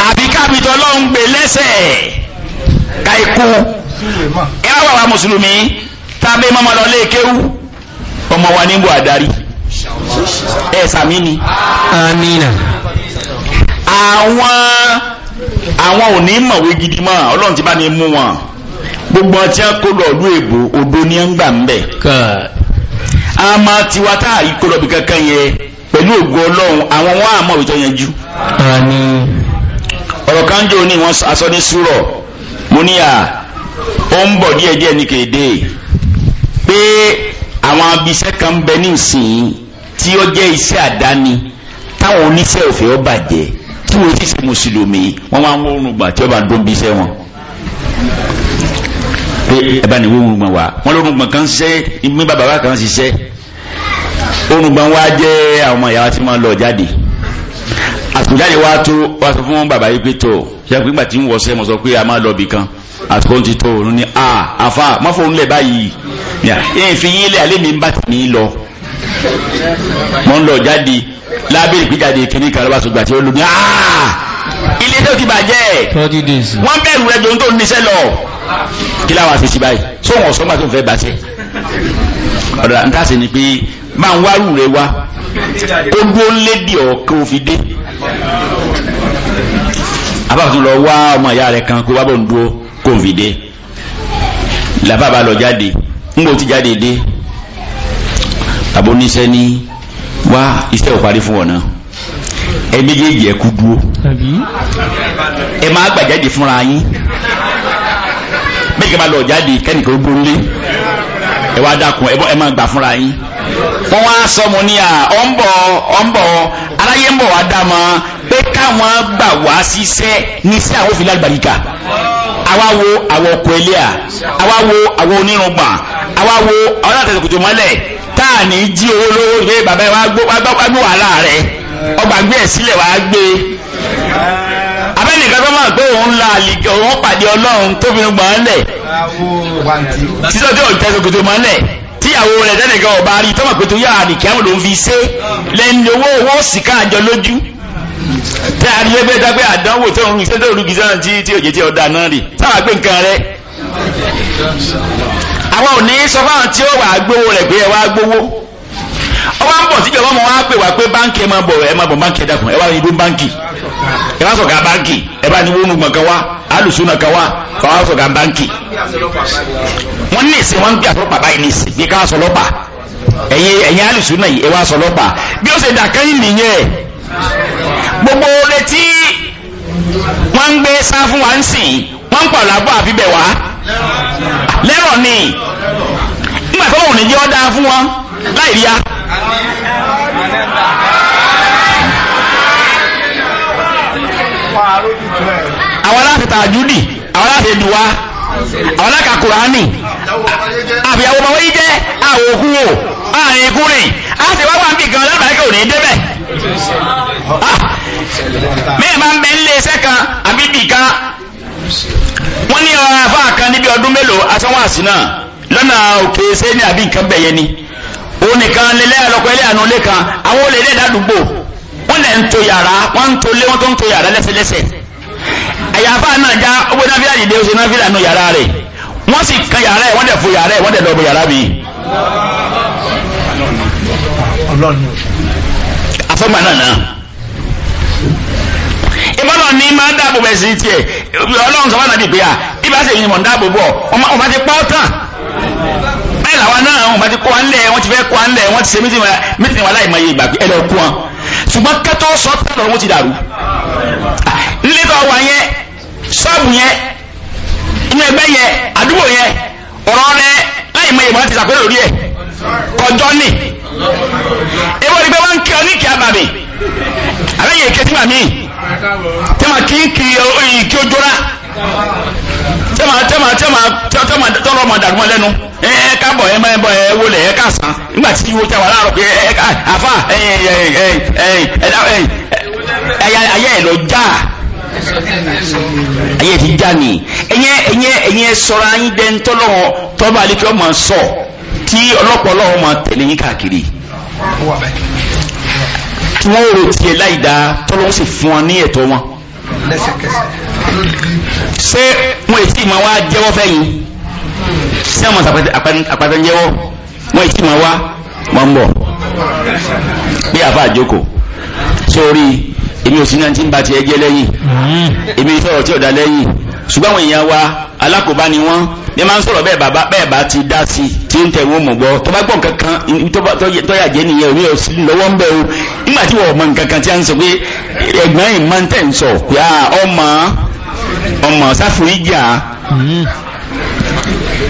àbí kábìtọ́ lọ́ ń gbé lẹ́sẹ̀ ká ikú ẹ wá wà wá mùsùlùmí tábí mọ́mọ́ lọ lé e kéwú ọmọ wa ní bò àdarí ẹ sàmì ni amina àwọn àwọn ò ní mọ̀wé gidi mọ́ ọlọ́run ti bá ní mú wọn gbogbo ọtí kó lọ ọlú èbò odò ní ń gbà ń bẹ̀ a máa tiwa tá ìkọlọ̀bì kankan yẹ pẹ̀lú ògùn ọlọ́run àwọn wọn àmọ́ òjò yẹn jù ọ̀rọ̀ kanjo ni wọ́n aṣọ ní súrọ̀ mo ní à ó ń bọ̀ díẹ̀díẹ̀ ní kéde pé àwọn abiṣẹ́ kan bẹ ní ìsìn tí ó jẹ́ iṣẹ́ àdáni táwọn oníṣẹ́ òfẹ́ ó bàjẹ́ tí wọ́n ti ṣe mùsùlùmí wọ́n máa ń wọ́n rùgbà tí ó bá dún bí iṣẹ́ wọn. pé ẹ bá ní wọ́n rùgbà wá wọ́n ló rùgbà kan ṣiṣẹ́ ìmú bàbá kan ṣiṣẹ́ orùgbà wa jẹ́ àwọn ọmọ ìyá tí wọ́n lọ jáde àtúnjáde wa tó wa sọ fún bàbá yìí pé tó ṣe nígbà tí ń wọṣẹ́ mọ̀ sọ pé a máa lọ bì kan àtúkọ́ ti tó òun ni a àfa mọ́fọ́ òun lẹ̀ báyìí ẹ̀ fi alẹ́ mi ń bá tèmi lọ mọ́ ń lọ jáde lábẹ́ ìgbéjáde kìíní kan lọ́wọ́ sọ̀gbà tí ó lù ní ah! ilé tó ti bàjẹ́ wọ́n bẹ̀rù rẹ̀ jòun tó ń níṣẹ́ lọ kí láwa ṣe sí báyìí sóhun ọ̀sọ́gbà tó ń fẹ́ bàṣẹ́ ọ̀dọ̀ ń tàṣe ni pé máa ń wárù rẹ wá ó dúró lédi ọ̀kẹ́ òfin dé abáàtún lọ wá ọmọ ìyá rẹ kan kó wá bọ̀ ń dúró kó òfin dé làbá lọ jáde ń bò ti jáde dé tàbó níṣẹ́ ní wá iṣẹ́ ò parí fún ọ̀nà ẹ méjèèjì ẹ kú dúró ẹ máa gbàjáde fúnra yín bẹ́ẹ̀ kí ẹ máa lọ jáde kẹ́nìkan ó gbóńlé ẹ wá dákun ẹ máa gbà fúnra yín wọ́n wá sọ mo ní à ọ̀ ń bọ̀ ọ̀ ń bọ̀ aráyé ń bọ̀ wá dá mọ́ pé káwọn gbà wá síṣẹ́ ní sí àwọn òfin lálùbáríkà àwa wo àwọn ọkọ̀ ẹlẹ́à àwa wo àwọn onírùngbà àwa wo àwọn àtẹ̀sẹ̀kùtù mọ́lẹ̀ táà ní jí owó lówó lé bàbá ẹ wá gbó wàhálà rẹ ọgbà gbé ẹ sílẹ̀ wá gbé abẹ́nìkan tó máa pé òun la àlìkẹ́ òun pàdé ọlọ́run tó fi gbọ́n lẹ̀ títọ́ tí òun tẹ́sọ̀ kòtò mọ́ lẹ̀ tíyàwó rẹ̀ tẹ́nìkan ọba rí tọ́mọ̀ pé tó yà àlìkẹ́ àwọn ló ń fi ṣe lẹ́ni owó owó sìkà àjọ lójú tí a rí ẹgbẹ́ dágbé àdánwò tó ń rí sẹ́tọ̀ olùgbìsàn tí òjò tí ọ̀dà náà rí sáwà pé nǹkan rẹ̀ àwọn ò ní sọ fáwọn tí ó wà á gbowó rẹ̀ pé ẹ wá gbowó ọwọ́ ń bọ̀ ọmọ wa pè wá pé báńkì ẹ máa bọ̀ ẹ máa bọ̀ báńkì ẹ dàkùn ẹ wá ní báńkì ẹ bá báńkì ẹ bá ní wónú gbọ̀ngàn wa alùsùnà kan wa kọ́ wá báńkì wọ́n ní ìsìn ń báyìí ní ìsìn bí ká alùsùnà gbogbo wọ́n ń gbé wa ń sìn wọ́n ń pàlọ́ àbọ̀ lẹ́rọ̀ ni nígbà tó wọ́n ní jẹ́ ọ́dá fún wọn láì rí a. àwọn aláṣẹ tàjúdì àwọn aláṣẹ dùwà àwọn aláṣẹ kùránì àfìyàwó ọmọ wọ́n yí jẹ́ àwọn òkú wò àárín ikú rìn a sì wá wà ń bì gan lọ́bàákẹ́ òní débẹ̀ ah! mẹ́ẹ̀ máa ń bẹ ń lé iṣẹ́ kan àbí bì kan wọ́n ní ọ̀rọ̀ afá kan níbi ọdún mélòó asánwáàsí náà lọ́nà òkè ṣé ní àbí nǹkan bẹ̀yẹ ni òun nìkan lélẹ́ àlọ́kọ̀ ilé àná ilé kan àwọn olè ilé ìdádùgbò wọ́n lẹ̀ ń to yàrá wọ́n ń to lé wọ́n tó ń to yàrá lẹ́sẹ̀lẹ́sẹ̀ àyàfá náà já owó náfíà dìde ó ṣe náfíà nù yàrá rẹ̀ wọ́n sì kan yàrá ẹ̀ wọ́n dẹ̀ fo yàrá ẹ̀ wọ́n dẹ̀ dọ̀bọ̀ yàrá mi. afọ́gbà náà náà ìbọ̀dọ̀ ni máa dáàbò bẹ̀ sí tiẹ̀ ọlọ́run sọ fún ànábì pé à ibà sì a ń dáàbò bọ̀ ọmọ ti pọ́ tán bẹ́ẹ̀ làwa náà wọn ti kọ́ ánlẹ̀ wọ́n ti fẹ́ kọ́ wọ́n ti ṣe mítìnì ìgbà wọn ṣùgbọ́n kẹ́tọ́ sọ ti dàrú nílé wà yẹn yẹn inú ẹgbẹ́ yẹn àdúgbò yẹn ọ̀rọ̀ rẹ láìmọye ìgbà ti ṣàpẹ́rẹ́ lórí ẹ̀ kọjọ́ ni ewé ìgbẹ́ wọn ń kí ọ ní kí abàmì àbẹ́yẹ kẹtìmọ̀ tẹ́mà kí n kì í kí ó jóra tẹ́mà tẹ́mà tẹ́mà tẹ́mà tọ́lọ́ ma dàgbọ́n lẹ́nu ẹ ẹ ká bọ̀ ẹ má ẹ bọ̀ ẹ wọlé ẹ ká sàn nígbà tí wo tẹ́wà láàárọ̀ pé ẹ ká àfà ẹ ẹ ẹ ẹ ẹ ẹ ẹ ayé ẹ lọ já ayé ti já ni ẹyẹ ẹyẹ ẹyẹ sọ̀rọ̀ anyi dẹ ntọ́lọ́ tọ́ba alẹ́ kí ọ ma sọ tí ọlọ́pàá ọlọ́wọ́ ma tẹ̀lé yín káàkiri tí wọ́n rò tiẹ̀ láì dáa tọ́lọ́wọ́ sì fún wọn ní ẹ̀tọ́ wọn. ṣé wọn èsì máa wá jẹ́wọ́ fẹ́ yìí ṣé àwọn àpàtà ń jẹ́wọ́ wọn èsì máa wá wọn ń bọ̀ bí àfa àjoko sórí èmi ò sí náà tí ń ba tiẹ̀ jẹ́ lẹ́yìn hmm. èmi sọ̀rọ̀ tí ò lẹ́yìn ṣùgbọ́n àwọn èèyàn wa alákòóbá ni wọ́n ní máa ń sọ̀rọ̀ bẹ́ẹ̀ bàbá bẹ́ẹ̀ bá ti dá sí i tí ń tẹ̀wọ́ mọ̀ gbọ́ tó bá gbọ́ nǹkan kan tọ́yà jẹ́ nìyẹn orí ọ̀sìn lọ́wọ́ ń bẹ̀ o nígbà tí wọ́n mọ nǹkan kan tí a ń sọ pé ẹ̀gbọ́n yìí máa ń tẹ̀ ń sọ pé ọmọ ọmọ sáfùríjà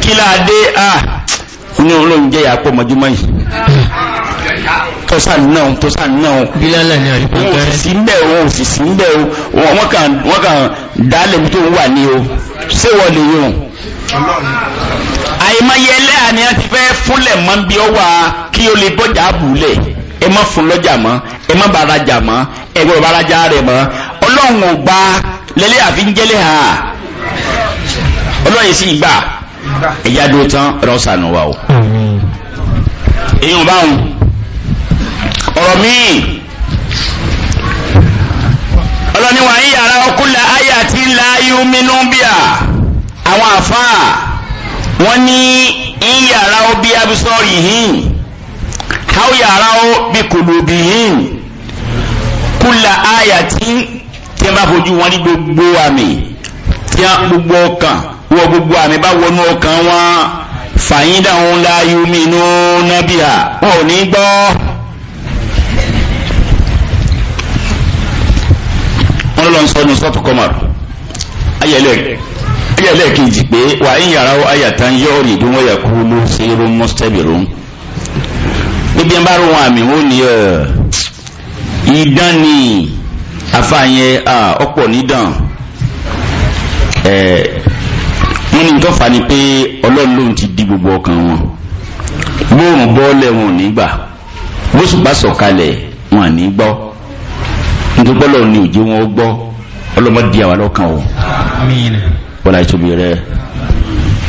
kí láadé ah inú olóhùn jẹ́ ìyàpọ̀ mọ́júmọ́ yìí tó sànà tó sànà bílálà ní àríkùn o sì sílẹ̀ o wọ́n kàn wọ́n kàn dálẹ̀ bí tó wà ní o ṣé wọ́n lè yóò àìmọye ẹlẹ́à ni a ti fẹ́ fúnlẹ̀ mọ́ bí ó wà kí o lè bọ́jà àbúlẹ̀ ẹ má fún lọ́jà mọ́ ẹ má rajà mọ́ ẹ gbọ́dọ̀ rajà rẹ̀ mọ́ ọlọ́run ò lẹ́lẹ́ àfi ń ọlọ́run sì gbà ẹ̀yà dúró tán rọ́ṣà nù wa o èèyàn ọ̀rọ̀ míì ọlọ́niwà ń yàrá ọkùnlẹ̀ ayà tí ń la yúmínú bíà àwọn àfáà wọ́n ní ń yàrá ó bí abisọ́rì yìí how yàrá ó bí kòlòbì yìí kùnlẹ̀ ayà tí tí wọ́n bá fojú wọn ní gbogbo àmì tí wọ́n gbogbo ọkàn wọ́n gbogbo àmì bá wọnú ọkàn wọn fàyín dáhùn la yúmínú nábìà wọn ò ní gbọ́. tọ́lọ́ ń sọ́tù kọmọ̀rù ayẹ̀lẹ̀ kejì pé wà ń yàrá ayàtà ń yọ òrì ìdúnwó yà ló ṣe é rún níbi bá àmì wọn ni ìdán ni ọ̀pọ̀ ni pé ọlọ́run ló ti di gbogbo ọkàn wọn sọ̀kalẹ̀ wọn ní nítorí pé Ọlọ́run ni òjò wọn gbọ́ ọlọ́mọdé àwọn alọ́kàn o bọ́lá ìtòbí rẹ̀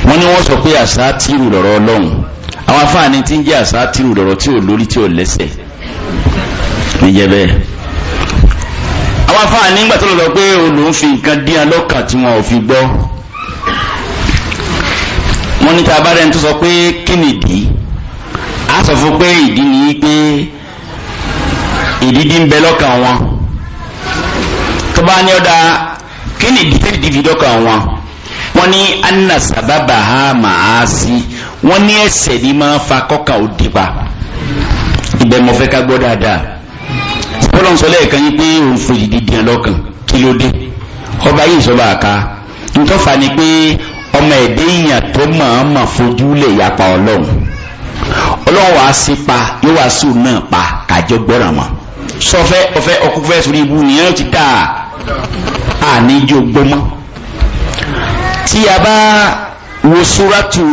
wọ́n ní wọ́n sọ pé àṣà tìrù lọ́rọ̀ Ọlọ́run àwọn afáàní tí ń jẹ́ àṣà tìrù lọ́rọ̀ tí ò lórí tí ò lẹ́sẹ̀ níjẹ́ bẹ́ẹ̀ àwọn afáàní nígbà tó lọ pé olùhùn fi nǹkan dín alọ́kàn tí wọn ò fi gbọ́ wọ́n ní tàbá rẹ̀ tó sọ pé kí nìdí sọ fún pé ìdí ni pé ìdí dín bẹ lọ́kàn wọn tó bá ní ọ̀dà kí ni ìdí tẹ́lẹ̀ dìbì dọ́kàn wọn wọ́n anna sábàbà ha màá sí wọ́n ní ẹsẹ̀ ní máa fa kọ́kà ó dìpa ibẹ̀ mo fẹ́ ká gbọ́ dáadáa bọ́lọ̀ ń sọ lẹ́ẹ̀kan yín pé òun fòyì dídì ẹ̀ lọ́kàn kí ló dé ọba yìí sọ́ba àká ntọ́fà ni pé ọmọ ẹ̀dẹ́ èèyàn tó máa ma fojú lè yapa ọlọ́run ọlọ́run wàá sí pa yóò wá sí òun náà pa kàjọ gbọ́ràn mọ́ sọfẹ́ ọfẹ́ ọkùnfẹ́ sórí ibu nìyẹn ti dáa àníjó gbọ́mọ́ tí a bá wo súrátù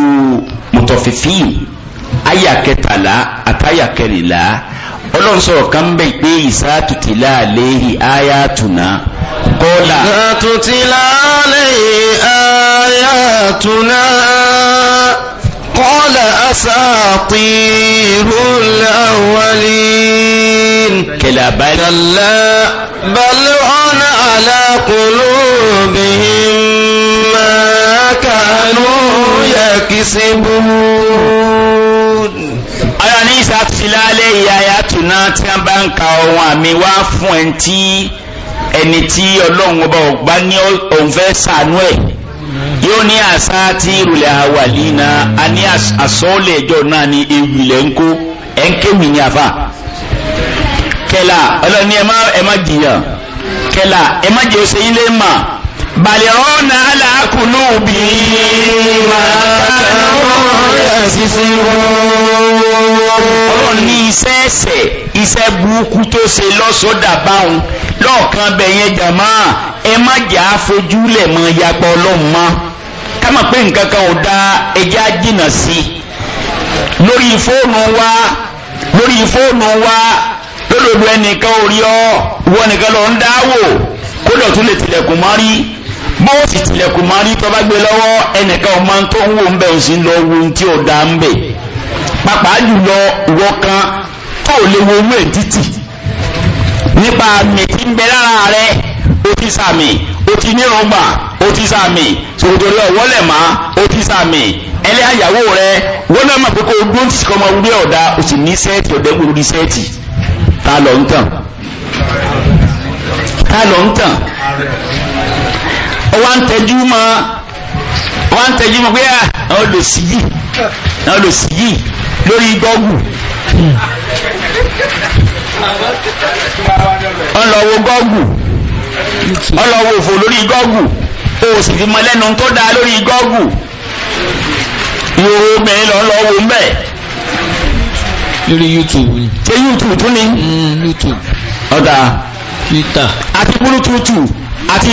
mutafifin àyà kẹtàlá àtàyà kẹrìnlá ọlọ́run sọ̀rọ̀ kan bẹ̀ pé ìsátùtìlá àléhì áyàtùnà kọ́lá. ìsátùtìlá àléhì áyàtùnà. قال أساطير الأولين كلا بل كلا بل عن على قلوبهم ما كانوا يكسبون ara ní ìsàtìlálẹ̀ ìyáyàtúná tí a bá ń ka ohun àmì wá fún ẹni tí ẹni tí ọlọ́run ọba ọ̀gbá ní òun fẹ́ sànú ẹ̀ yóò ní àṣà tí ìrùlẹ̀ àwàlì náà a ní àsọ́ọ̀lẹ̀ ẹjọ́ náà ní ewì lẹ́ ń kó ẹ̀ ń kéwì ní àfà kẹlà ọlọ́ni ẹ má jìyàn kẹlà ẹ má jẹ́ òṣèyí lè mà bàlẹ̀ ọ̀nà aláàkùnú bí ọlọ́run ní iṣẹ́ ẹ̀ṣẹ̀ iṣẹ́ burúkú tó ṣe lọ́sọ̀dà báwọn lọ́ọ̀kan bẹ̀yẹn jàmáà ẹ má jà á fojú lẹ̀ mọ́ yagbọ́ ọlọ́run mọ́. Kama mọ̀ pé nǹkan kan ò da ẹja jìnnà sí i lórí fóònù wa lórí fóònù wa lódodo ẹnìkan ò rí ọ wọ nìkan lọ ń dá wò kódà tún lè tilẹ̀kùn mọ́ rí bó o sì tilẹ̀kùn mọ́ rí tọ́ bá gbé lọ́wọ́ ẹnìkan ò máa ń tó ń wò ń bẹ̀ ń sì ń lọ wo ohun tí ò da ń bẹ̀ pàpà jùlọ ìwọ kan tó ò lè wo inú ẹ̀ títì nípa àmì ń bẹ lára rẹ o ti sàmì o ti ní rọgbà o ti sàmì ṣòkòtò rẹ ọwọ́lẹ̀ má o ti sàmì ẹlẹ́ àyàwó rẹ wọ́n náà mà pé kó o dúró ti kọ́ ọmọ orí ọ̀dà o sì ní sẹ́ẹ̀tì ọ̀dẹ́gbò lórí sẹ́ẹ̀tì ta lọ ń tàn ta lọ ń tàn wọ́n ń tẹ́jú mọ́ wọ́n ń tẹ́jú mọ́ pé ah, àwọn olùsí yìí àwọn olùsí yìí lórí gọ́gù ọlọ́wọ́ gọ́gù ọlọ́wọ́ òfò lórí gọ́ọ̀gù o sì fi mọ lẹ́nu tó dáa lórí gọ́ọ̀gù ìhòòhò obìnrin lọ lọ́wọ́ mbẹ. lórí YouTube ni. ṣé YouTube tún ni. Mm, YouTube. ọ̀dà. Twitter. àti búrútútù àti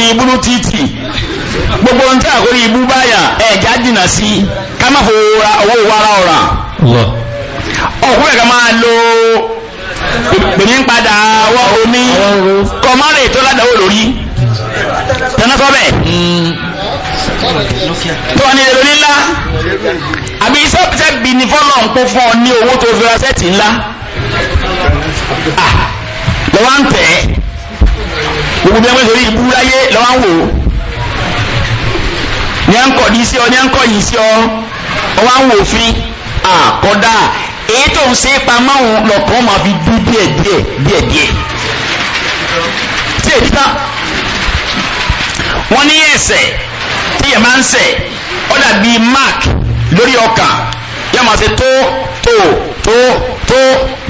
gbogbo ohun tí àkórí ibú báyà sí ká má fò owó wàrà lo padà omi tó ládàá tọ́nà kọ́ bẹ́ẹ̀ tó wà ní èrò nílá àbí sọ́pẹ́sẹ́ bí ní fọ́lọ̀ ń kó fún ọ ní owó tó fi ra sẹ́ẹ̀tì ńlá ah, lọ́wọ́ ń tẹ̀ gbogbo bí wọ́n sọ ibú láyé lọ́wọ́ ń wò ní à ń kọ̀ ní sí ọ ní à ń kọ̀ yìí sí ọ ọwọ́ ń wò fín ah, àkọ́dá èyí tó ń ṣe pamọ́ lọ́kàn máa fi dú díẹ̀ díẹ̀ tí èyí tán wọ́n ní ẹ̀ṣẹ̀ tíyẹ̀ máa ń ṣẹ̀ ó dàbí mark lórí ọkà yóò máa ṣe tó tó tó tó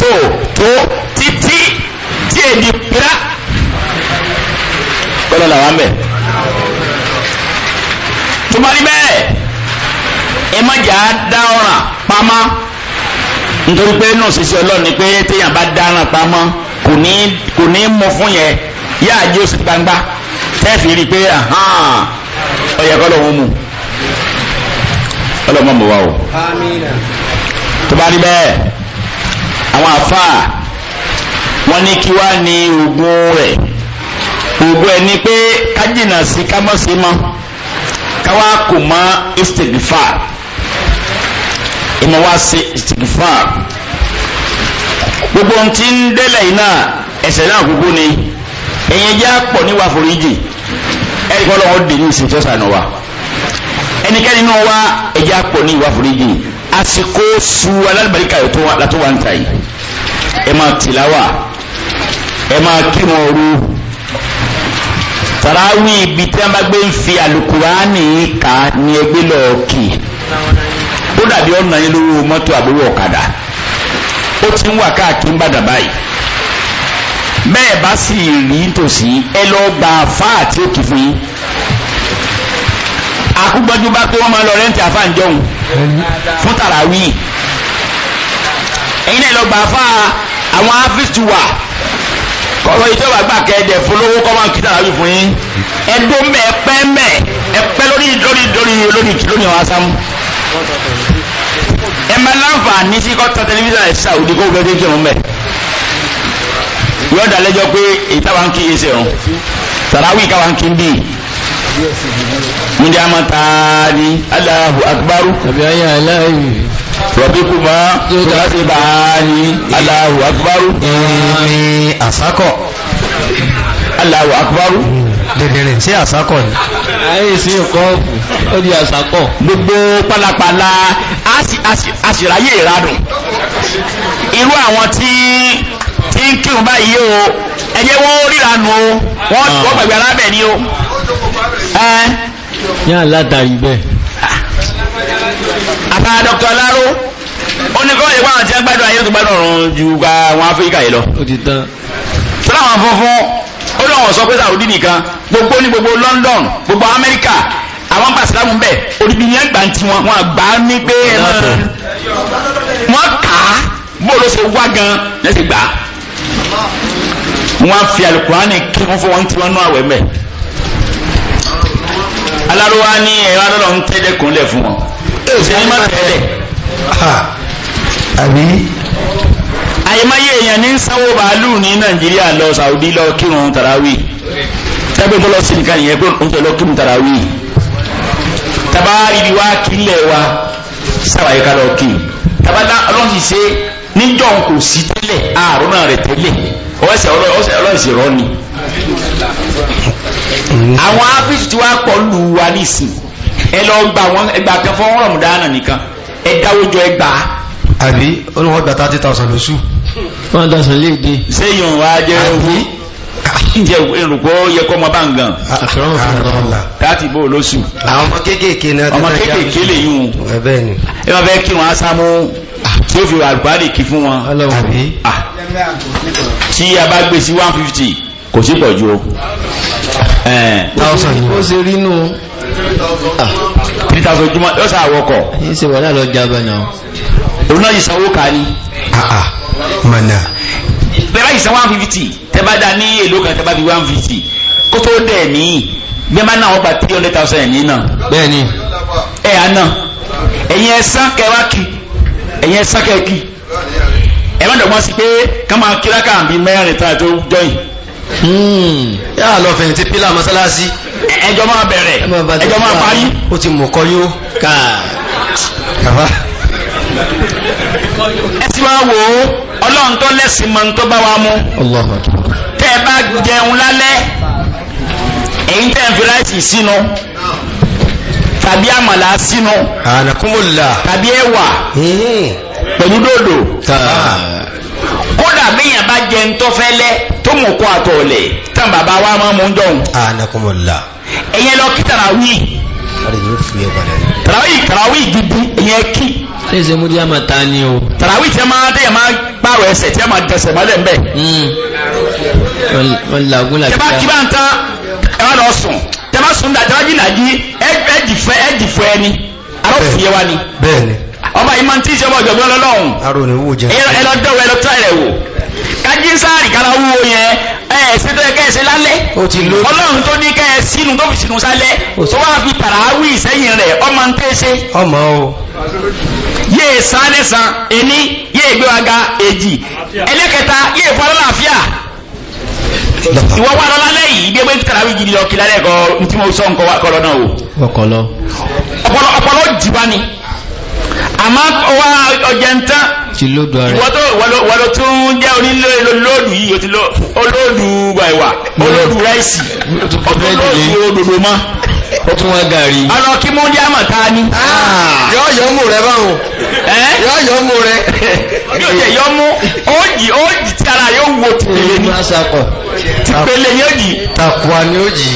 tó tó títí tí èdè pírá kọ́lọ́ làwọn mẹ́. tó bá rí bẹ́ẹ̀ ẹ má jà á dá ọ̀ràn pamọ́ nítorí pé náà ṣiṣẹ́ ọlọ́run ni pé téèyàn bá dá ọ̀ràn pamọ́ kò ní mọ fún yẹn yáa jẹ́ òsì gbangba tẹ́ẹ̀fì rí pé ahán ọyẹ kọ́ lọ́wọ́ mú ọlọ́mọ mọ̀ wá o tó bá rí bẹ́ẹ̀ àwọn àfáà wọ́n ní kí wá ní ogun rẹ̀ ogun ẹ̀ ni pé kájìnà sí kámọ́sí mọ́ káwá kò mọ́ istigfa ìmọ̀ wá sí istigfa gbogbo ohun tí ń délẹ̀ yìí náà ẹ̀ṣẹ̀ náà gbogbo ni ẹ̀yẹn já pọ̀ níwà foríjì ẹ̀rí kọ́ lọ́wọ́ dè ní ìsìn tó sànù wa ẹnikẹ́ni náà wá ẹ̀já pọ̀ ní ìwà foríjì àsìkò su alábàríkà yìí tó wà látó wà ń ta yìí ẹ máa tìláwà ẹ máa kírun ooru tàràwí ibi tí wọn bá gbé ń fi àlùkùránì kà ní ẹgbẹ́ lọ́ọ́ kì ó dàbí ọ̀nà yín lówó mọ́tò àbúrò ọ̀kadà ó ti ń wà káàkiri ń bàdà báyìí bẹ́ẹ̀ bá sì rí tòsí ẹ lọ gba fáà tí ó kì fún yín akúgbọ́njú bá pé wọ́n máa lọ rẹ́ǹtì àfáà ń jọun fún tàràwí ẹ̀yin náà lọ gba fáà àwọn áfíìsùwà kọ́rọ̀ ìjọba gbà kẹ́ẹ̀dẹ̀ fọlọ́wọ́ kọ́ máa ń kí tàràwí fún yín ẹ̀dùn mẹ́ pẹ́ mẹ́ lórí lórí lórí lórí lórí ọ̀hún asámú ẹ máa láǹfààní sí kọ́ta tẹlifíṣàn ẹ̀ sáà òdìgbò gbẹ́dẹ́gbẹ́ yóò dá lẹ́jọ́ pé ìtawà ń kí ẹsẹ̀ rùn tàràwì káwà ń kí bí múndé àmọ́ tàà ní Allahu akbaru rọ̀bí kú mọ́ tó láti bá ní Allahu akbaru ní àsákọ̀ Allahu akbaru dẹ̀dẹ̀rẹ̀ sí àsákọ̀ ni ayé sí ẹ̀kọ́ ó di àsákọ̀ gbogbo pálapàla aṣìráyè ìradùn irú àwọn tí ti ń kírun báyìí o ẹ̀jẹ̀ wọ́n ríranù o wọ́n tó ah. gbàgbé ni o. yàn látàrí bẹ́ẹ̀. àtà dr laro ó ìwà àti agbádùn ayé tó gbádùn ọ̀run ju àwọn Áfíríkà yìí lọ. ó ti tán. fúnra àwọn funfun ó lọ́wọ́ sọ pé sàrúdì nìkan gbogbo ní gbogbo London gbogbo Amẹ́ríkà àwọn gbà sílámù ń bẹ̀ olùbí ní ẹgbà wọn wọn gbà ní pé wọn kà á bó ló ṣe wá gan lẹ́sìn gbà á wọ́n fi alukurani kí wọ́n fọ́ wọn tí wọ́n nú àwẹ̀ mẹ́ alárúwá ní ẹ̀rọ adọ́dọ̀ ń tẹ́lẹ̀ kúnlẹ̀ fún wọn ṣe ń má tẹ́lẹ̀ àyèmáyé èèyàn ní sanwó bàálù ní nàìjíríà lọ sàwùdí lọ kírun tàràwì tẹ́gbẹ́ tó lọ sí nìkan yẹn pé ń tẹ́ lọ kírun tàràwì tàbá ìdíwá kílẹ̀ wa sáwàyíká lọ kí tàbá ọlọ́sì ṣe níjọ́ kò sí tẹ́lẹ̀ ààrùn náà rẹ̀ tẹ́lẹ̀ ọ̀ẹ́sẹ̀ ọlọ́ọ̀sẹ̀ rọ́ ni àwọn áfíìsì tí wá pọ̀ lù wá nísìn ẹ lọ gba àwọn ẹgbà kan fún rọ̀mùdánà nìkan ẹ dáwọ́jọ ẹgbà àbí olùwọ́gbà 30,000 lóṣù 1,000 lè dé sẹ́yìn wá jẹ́ owó jẹ ìrùpọ̀ yẹ kọ́ ọmọ bá ń gan ah, ah, tààtì bó lóṣù ọmọ kéèkéèké lè yún eh, ẹ wọ́n fẹ́ kí wọ́n á sámú tí ó fi àlùbáàdì kí fún wọn tí a bá gbé sí 150 kò sí pọ̀ o ó ṣe rí nù 3000 jùmọ́ ó sà wọkọ̀ yìí ṣe wà náà lọ jábọ̀ náà bẹ́ẹ̀ báyìí san one fifty tẹ́ bá da ní èlò kan tẹ́ bá fi one fifty kó tó dẹ̀ ní bẹ́ẹ̀ máa ná àwọn gba three hundred thousand ẹ̀ ní náà. bẹ́ẹ̀ni. ẹ à náà ẹ̀yin ẹ̀sán kẹwàá kì ẹ̀yin ẹ̀sán kẹ kì ẹ má dọ̀gbọ́n sí pé ká máa kíra ká bí mẹ́rin tá a tó jọyìn. Hmm. yà á lọ fẹ̀yìntì pílà mọ́sálásí. ẹjọ́ máa bẹ̀rẹ̀ ẹjọ́ máa parí. ó ti mọ̀kọ́ yó. káà ẹ ti máa wò ó ọlọ́run tó lẹ́sìn mọ́ tó bá wa mú tẹ́ ẹ bá jẹun lálẹ́ èyí tẹ́ ẹ fi ráìsì sínú tàbí àmàlà sínú tàbí ẹ̀wà pẹ̀lú dòdò kódà bíyàn bá jẹ ń tọ́ fẹ́lẹ́ tó mú kó àtọ̀ọ̀lẹ̀ tán bàbá wa máa mú dọ̀hún. ẹ̀yẹ lọ kí tàràwí tàràwí tàràwí gidi ẹ̀yẹ kí ẹsẹ̀ múdí àmà ta ni o. tàràwí tí a máa dé àmà gbàrọ̀ ẹsẹ̀ tí a máa dẹsẹ̀ mọ́lẹ̀ mbẹ́. Hmm. tẹ́bá kí bá ń tán ẹ wá lọ sùn tẹ́bá sùn dàjọ́ jìnnà jí ẹ dìfẹ́ ẹ dìfẹ́ ẹni ọba yìí máa ń tí ìṣọ́bọ̀ ọ̀jọ̀gbọ́n lọ́lọ́run ẹlọ́dọ̀wọ̀ ẹlọ́tọ̀ rẹ̀ wò kájí sáàrì kára wúwo yẹn ẹ̀ẹ́sì tó ẹ̀kẹ́ ẹ̀sì lálẹ́ ọlọ́run tó ní kẹ́ ẹ̀ sínú tó fi sínú sálẹ́ tó wá fi tàràwì sẹ́yìn rẹ̀ ọmọ ń tẹ́ṣe ọmọ o yéè sáálẹ̀ e san ení yéè e gbé wa ga èjì ẹlẹ́kẹta yéè fọ́ lọ́láàfíà ìwọ wà lọ lálẹ́ yìí bí ẹgbẹ́ tàràwì jìdí lọ kí lálẹ́ kọ́ ntí mo sọ nǹkan wà kọ́ lọ o ọpọlọ ọpọlọ jìbá ni àmá ọwá ọjẹ́ ń tán ìwọ́lọ́ tó ń jẹ́ onílò olóòlù yìí o ti lọ olóòlù wàìwà olóòlù ráìsì olóòlù olóòlù mọ́ ó tún wá gàrí ọ̀nà kí mú ní àmà ká ní ah. yọ́yọ́ mú rẹ báwọn yọ́yọ́ mú rẹ yóò jẹ́ yọ́ mú ójì ójì tí ara yóò wo tìpele ní tìpele yóò jì tàkùwà ni ó jì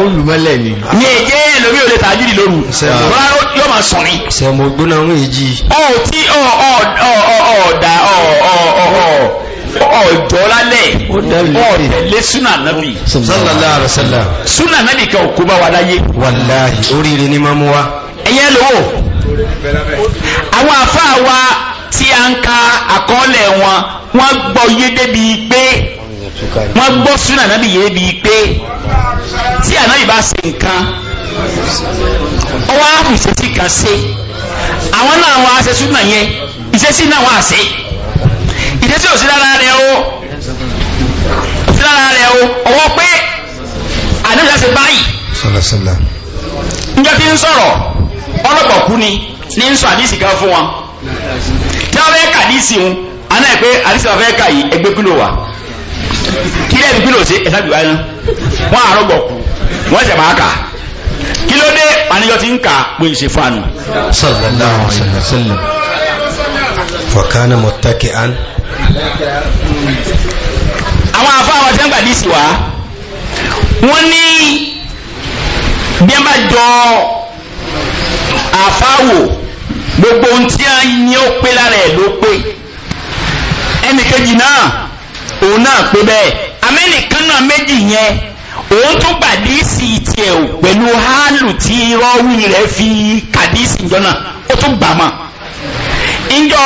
olùmọ́lẹ̀ ni ní èjẹ́ ẹlòmí ò lè tàájúdì lóru rárá yóò máa sọ ní sẹ̀mọ̀ gbóná ń èjì ọ̀tí ọ̀ọ̀dà ọ̀ọ̀jọ́ lálẹ̀ ọ̀tẹ̀lé súnà nábì sallallahu alaihi wasallam súnà nábì kan ò kó bá wa láyé wàláhì oríire ní máa mú wa ẹ̀yẹ lówó àwọn àfáà wa tí a ń ka àkọọ́lẹ̀ wọn wọ́n gbọ́ yé débi pé wọ́n gbọ́ súnà nábì yé bi pé tí ànábì bá ṣe nǹkan ọwọ́ àfìsẹ́sì kan ṣe àwọn náà wọ́n á ṣe súnà yẹn ìṣesí náà wọ́n á ṣe ìṣesí ò sí lára rẹ̀ o sí lára rẹ̀ o ọwọ́ pé ànábì láti báyìí njọ́ tí ń sọ̀rọ̀ ọlọ́pàá kú ni ní ń sọ àdísì kan fún wọn tí wọ́n fẹ́ kà àdísì wọn àná ẹ̀ pé àdísì wọn fẹ́ kà yìí ẹgbẹ́ kúlò wà kí lẹ́bi pílò sí ẹ̀sà gbìgbà yẹn wọ́n àrọ́gbọ̀ kù wọ́n ṣẹ̀ máa kà kí ló dé àníyàn ti ń kà pé ìṣe fún àná. sallallahu alaihi wasallam fọkànà mọ̀tàkì án. àwọn afáwọn tí wọ́n gbà díìsì wá wọ́n ní bí wọ́n bá jọ àfáwò gbogbo ohun tí wọ́n ní ó pé lára ẹ̀ ló pé ẹnìkejì náà òun náà pé bẹ́ẹ̀ amẹ́nìkan náà méjì yẹn òun tó gbàdísì tiẹ̀ pẹ̀lú hálù tí rọ́wì rẹ̀ fi kàdísì jọ náà ó tún bà mọ́ njọ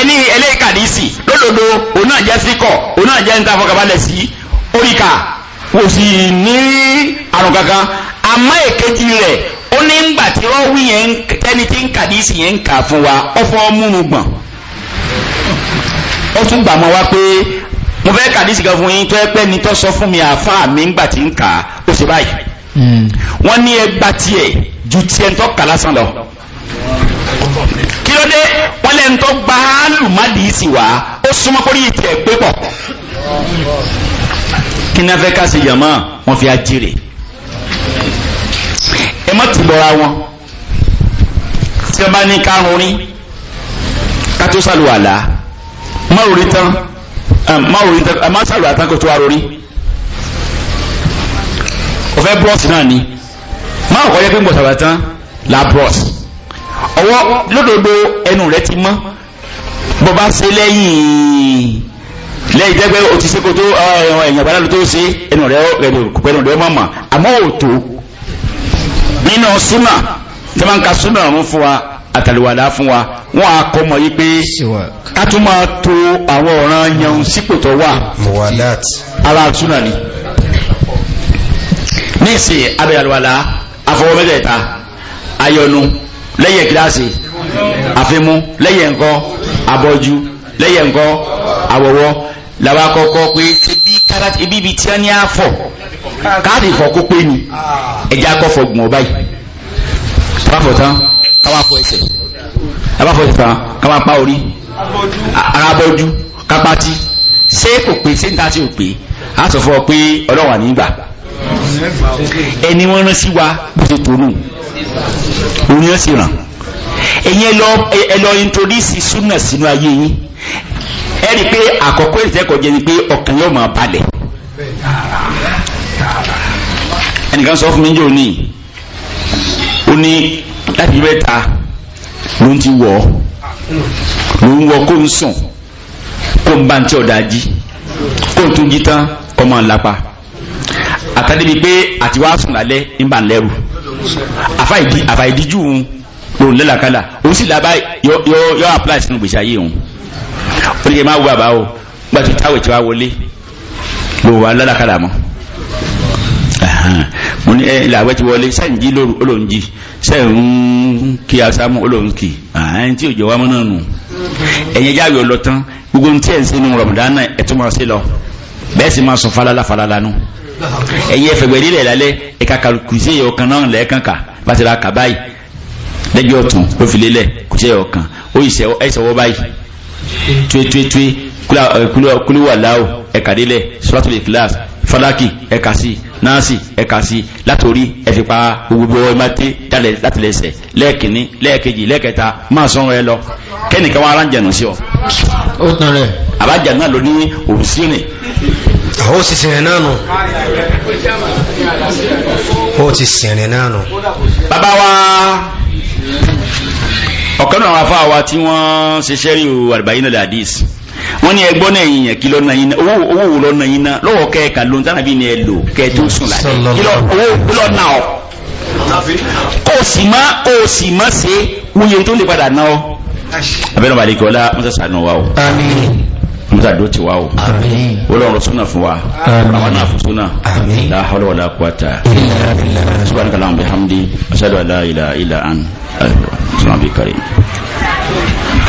ẹni ẹlẹ́yìn kàdísì lódodo òun náà jẹ́ síkọ̀ òun náà jẹ́ níta fọkàbalẹ̀ sí oríkà kò sì ní àrùn kankan àmọ́ èkejì rẹ̀ ó ní ngbà tí rọ́wì yẹn tẹ́ni tí ń yẹn kà fún wa ó múnú gbọ̀n ó tún gbà mọ́ wa pé mo fẹ́ kàdísì kan fún yín tó ẹgbẹ́ ni tó sọ fún mi àáfà mi ńgbà tí ń kà á ó ṣe báyìí hmm. wọ́n ní ẹgbà tiẹ̀ ju tiẹ̀ ń tọ́ kà lásán lọ kí ló dé wọ́n lẹ́nu tó gba alùmádìísì wá ó súnmọ́ kórìí tiẹ̀ pé pọ̀ kí náà fẹ́ ká sí yàmọ́ wọ́n fi ajírè ẹ mọ́ ti bọ́ra wọn tí wọ́n bá ní kárùn-ún rí ká tó sàlùwàlà mọ́ òrí tán Um, má sàrò àtàkùn tó wà lórí ọ̀fẹ́ bros náà ni má ọ̀kọ́ yẹ pé ń bọ̀ sàrò àtàn la bros ọwọ́ lódodo ẹnu rẹ ti mọ́ bọ́ bá ṣe lẹ́yìn lẹ́yìn jẹ́ pé o ti seko tó ẹ̀yàn àbálẹ̀ tó ṣe ẹnu rẹ̀ pẹ̀lú rẹ̀ mọ̀mọ́ àmọ́ òtò nínú súnà tí wọ́n ń ka súnà ọ̀run fún wa àtàlùwàlá fún wa wọ́n a kọ́ mọ̀ wípé ká tún máa to àwọn ọ̀ràn yẹun sípò tó wà ara túnà ni ní ìsìn abẹ́ àlùwàlá afọwọ́ mẹ́tẹ̀ẹ̀ta ayọnu lẹ́yìn kíláàsì àfimú lẹ́yìn nǹkan abọ́jú lẹ́yìn nǹkan àwọ̀wọ́ làwọn akọ́kọ́ pé ibi ibi tí a ní àfọ̀ káàdì ìfọ̀kó pé ni ẹ̀jẹ̀ akọ́fọ̀ gùn ọ̀ báyìí káwá fọ ẹsẹ̀ káwá fọ ẹsẹ̀ káwá pa orí arábọ́jú kápátí ṣé kò pé ṣé ń ta ò pé a sọ fún pé ọlọ́wà nígbà ẹni wọ́n rán sí wa bó ṣe tó nù òun yẹn sì ràn ẹ̀yin ẹ lọ súnà sínú ayé yín ẹ pé àkọ́kọ́ ìtẹ́kọ̀ọ́ jẹ́ ni pé ọkàn yóò máa balẹ̀ ẹnìkan sọ fún mi jò ní ó láti mẹ́ta ló ń ti wọ̀ ló ń wọ kó ń sùn kó ń bá ń tí ọ̀dà jí kó ń tún jí tán kó máa ń lapa àtàdébi pé àti wá sùn lálẹ́ ń bà ń lẹ́rù àfàìdíjú òun lòun lẹ́làkálà òun sì lábá yọ apply sínú gbèsè ayé òun ó ní kí n máa wo bàbá o gbàtí táwọn ìtura wọlé lòun wà lẹ́làkálà mọ́ mo ní ẹ làwẹ́ ti wọlé sáyìn jí lóru ó lòun jí ṣe ń kí asámú olóhùn kì àyìn tí òjò wa mọ́ náà nù ẹ̀yin jáwé ọ gbogbo ní tí ẹ̀ ń sẹ́nu rọ̀mùdánà ẹ̀ tún máa ṣe lọ bẹ́ẹ̀ sì máa sọ falala falala nù ẹ̀yin ẹ̀fẹ̀gbẹ̀ nílẹ̀ lálẹ́ ẹ̀ka kàlùkùsí ẹ̀yọ̀ kan náà lẹ́ẹ̀kan kà bá ti ra kà báyìí lẹ́jọ́ ọ̀tún ló fi lélẹ̀ kò sí ẹ̀yọ̀ kan ó ìṣẹ̀wọ́ báyìí tuetue kúlúwà falaki ẹ̀ka sí náàsì ẹ̀ka sí látòrí ẹ̀fipá gbogbo ọwọ́ ìmáté dálẹ̀ láti lẹ́sẹ̀ lẹ́ẹ̀kìnní lẹ́ẹ̀kejì lẹ́ẹ̀kẹta máa sọ ẹ lọ kẹ́nìkan wá ara ń jẹ̀nù sí ọ. ó tán rẹ̀. àbájá náà ló ní òsínrin. àwọn ò sì sìnrìn náà nù. ó ti sìnrìn náà nù. bàbá wa ọ̀kan náà wà fáwa tí wọ́n ṣe ṣẹ́rí àrùbáyé náà lè àdíìsì wọ́n ní ẹgbọ́n náà yìnyẹn kí lọ́nà yìí owó owó wò lọ́nà yìí náà lọ́wọ́ kẹ́ẹ̀ka ló ń sára bí ní ẹ lò kẹ́ẹ̀ sùn láti kí owó lọ́nà ọ. kó sì má kó sì má ṣe wúye tó lè padà ná ọ. abẹ́rẹ́ wà lẹ́kọ̀ọ́ la musa sànù wa o. musa dó ti wa o. àmín. sunna fún wa. àmín. àwọn náà fún sunna. àmín. la hawla wala quwwata. asadu ala ila ila an.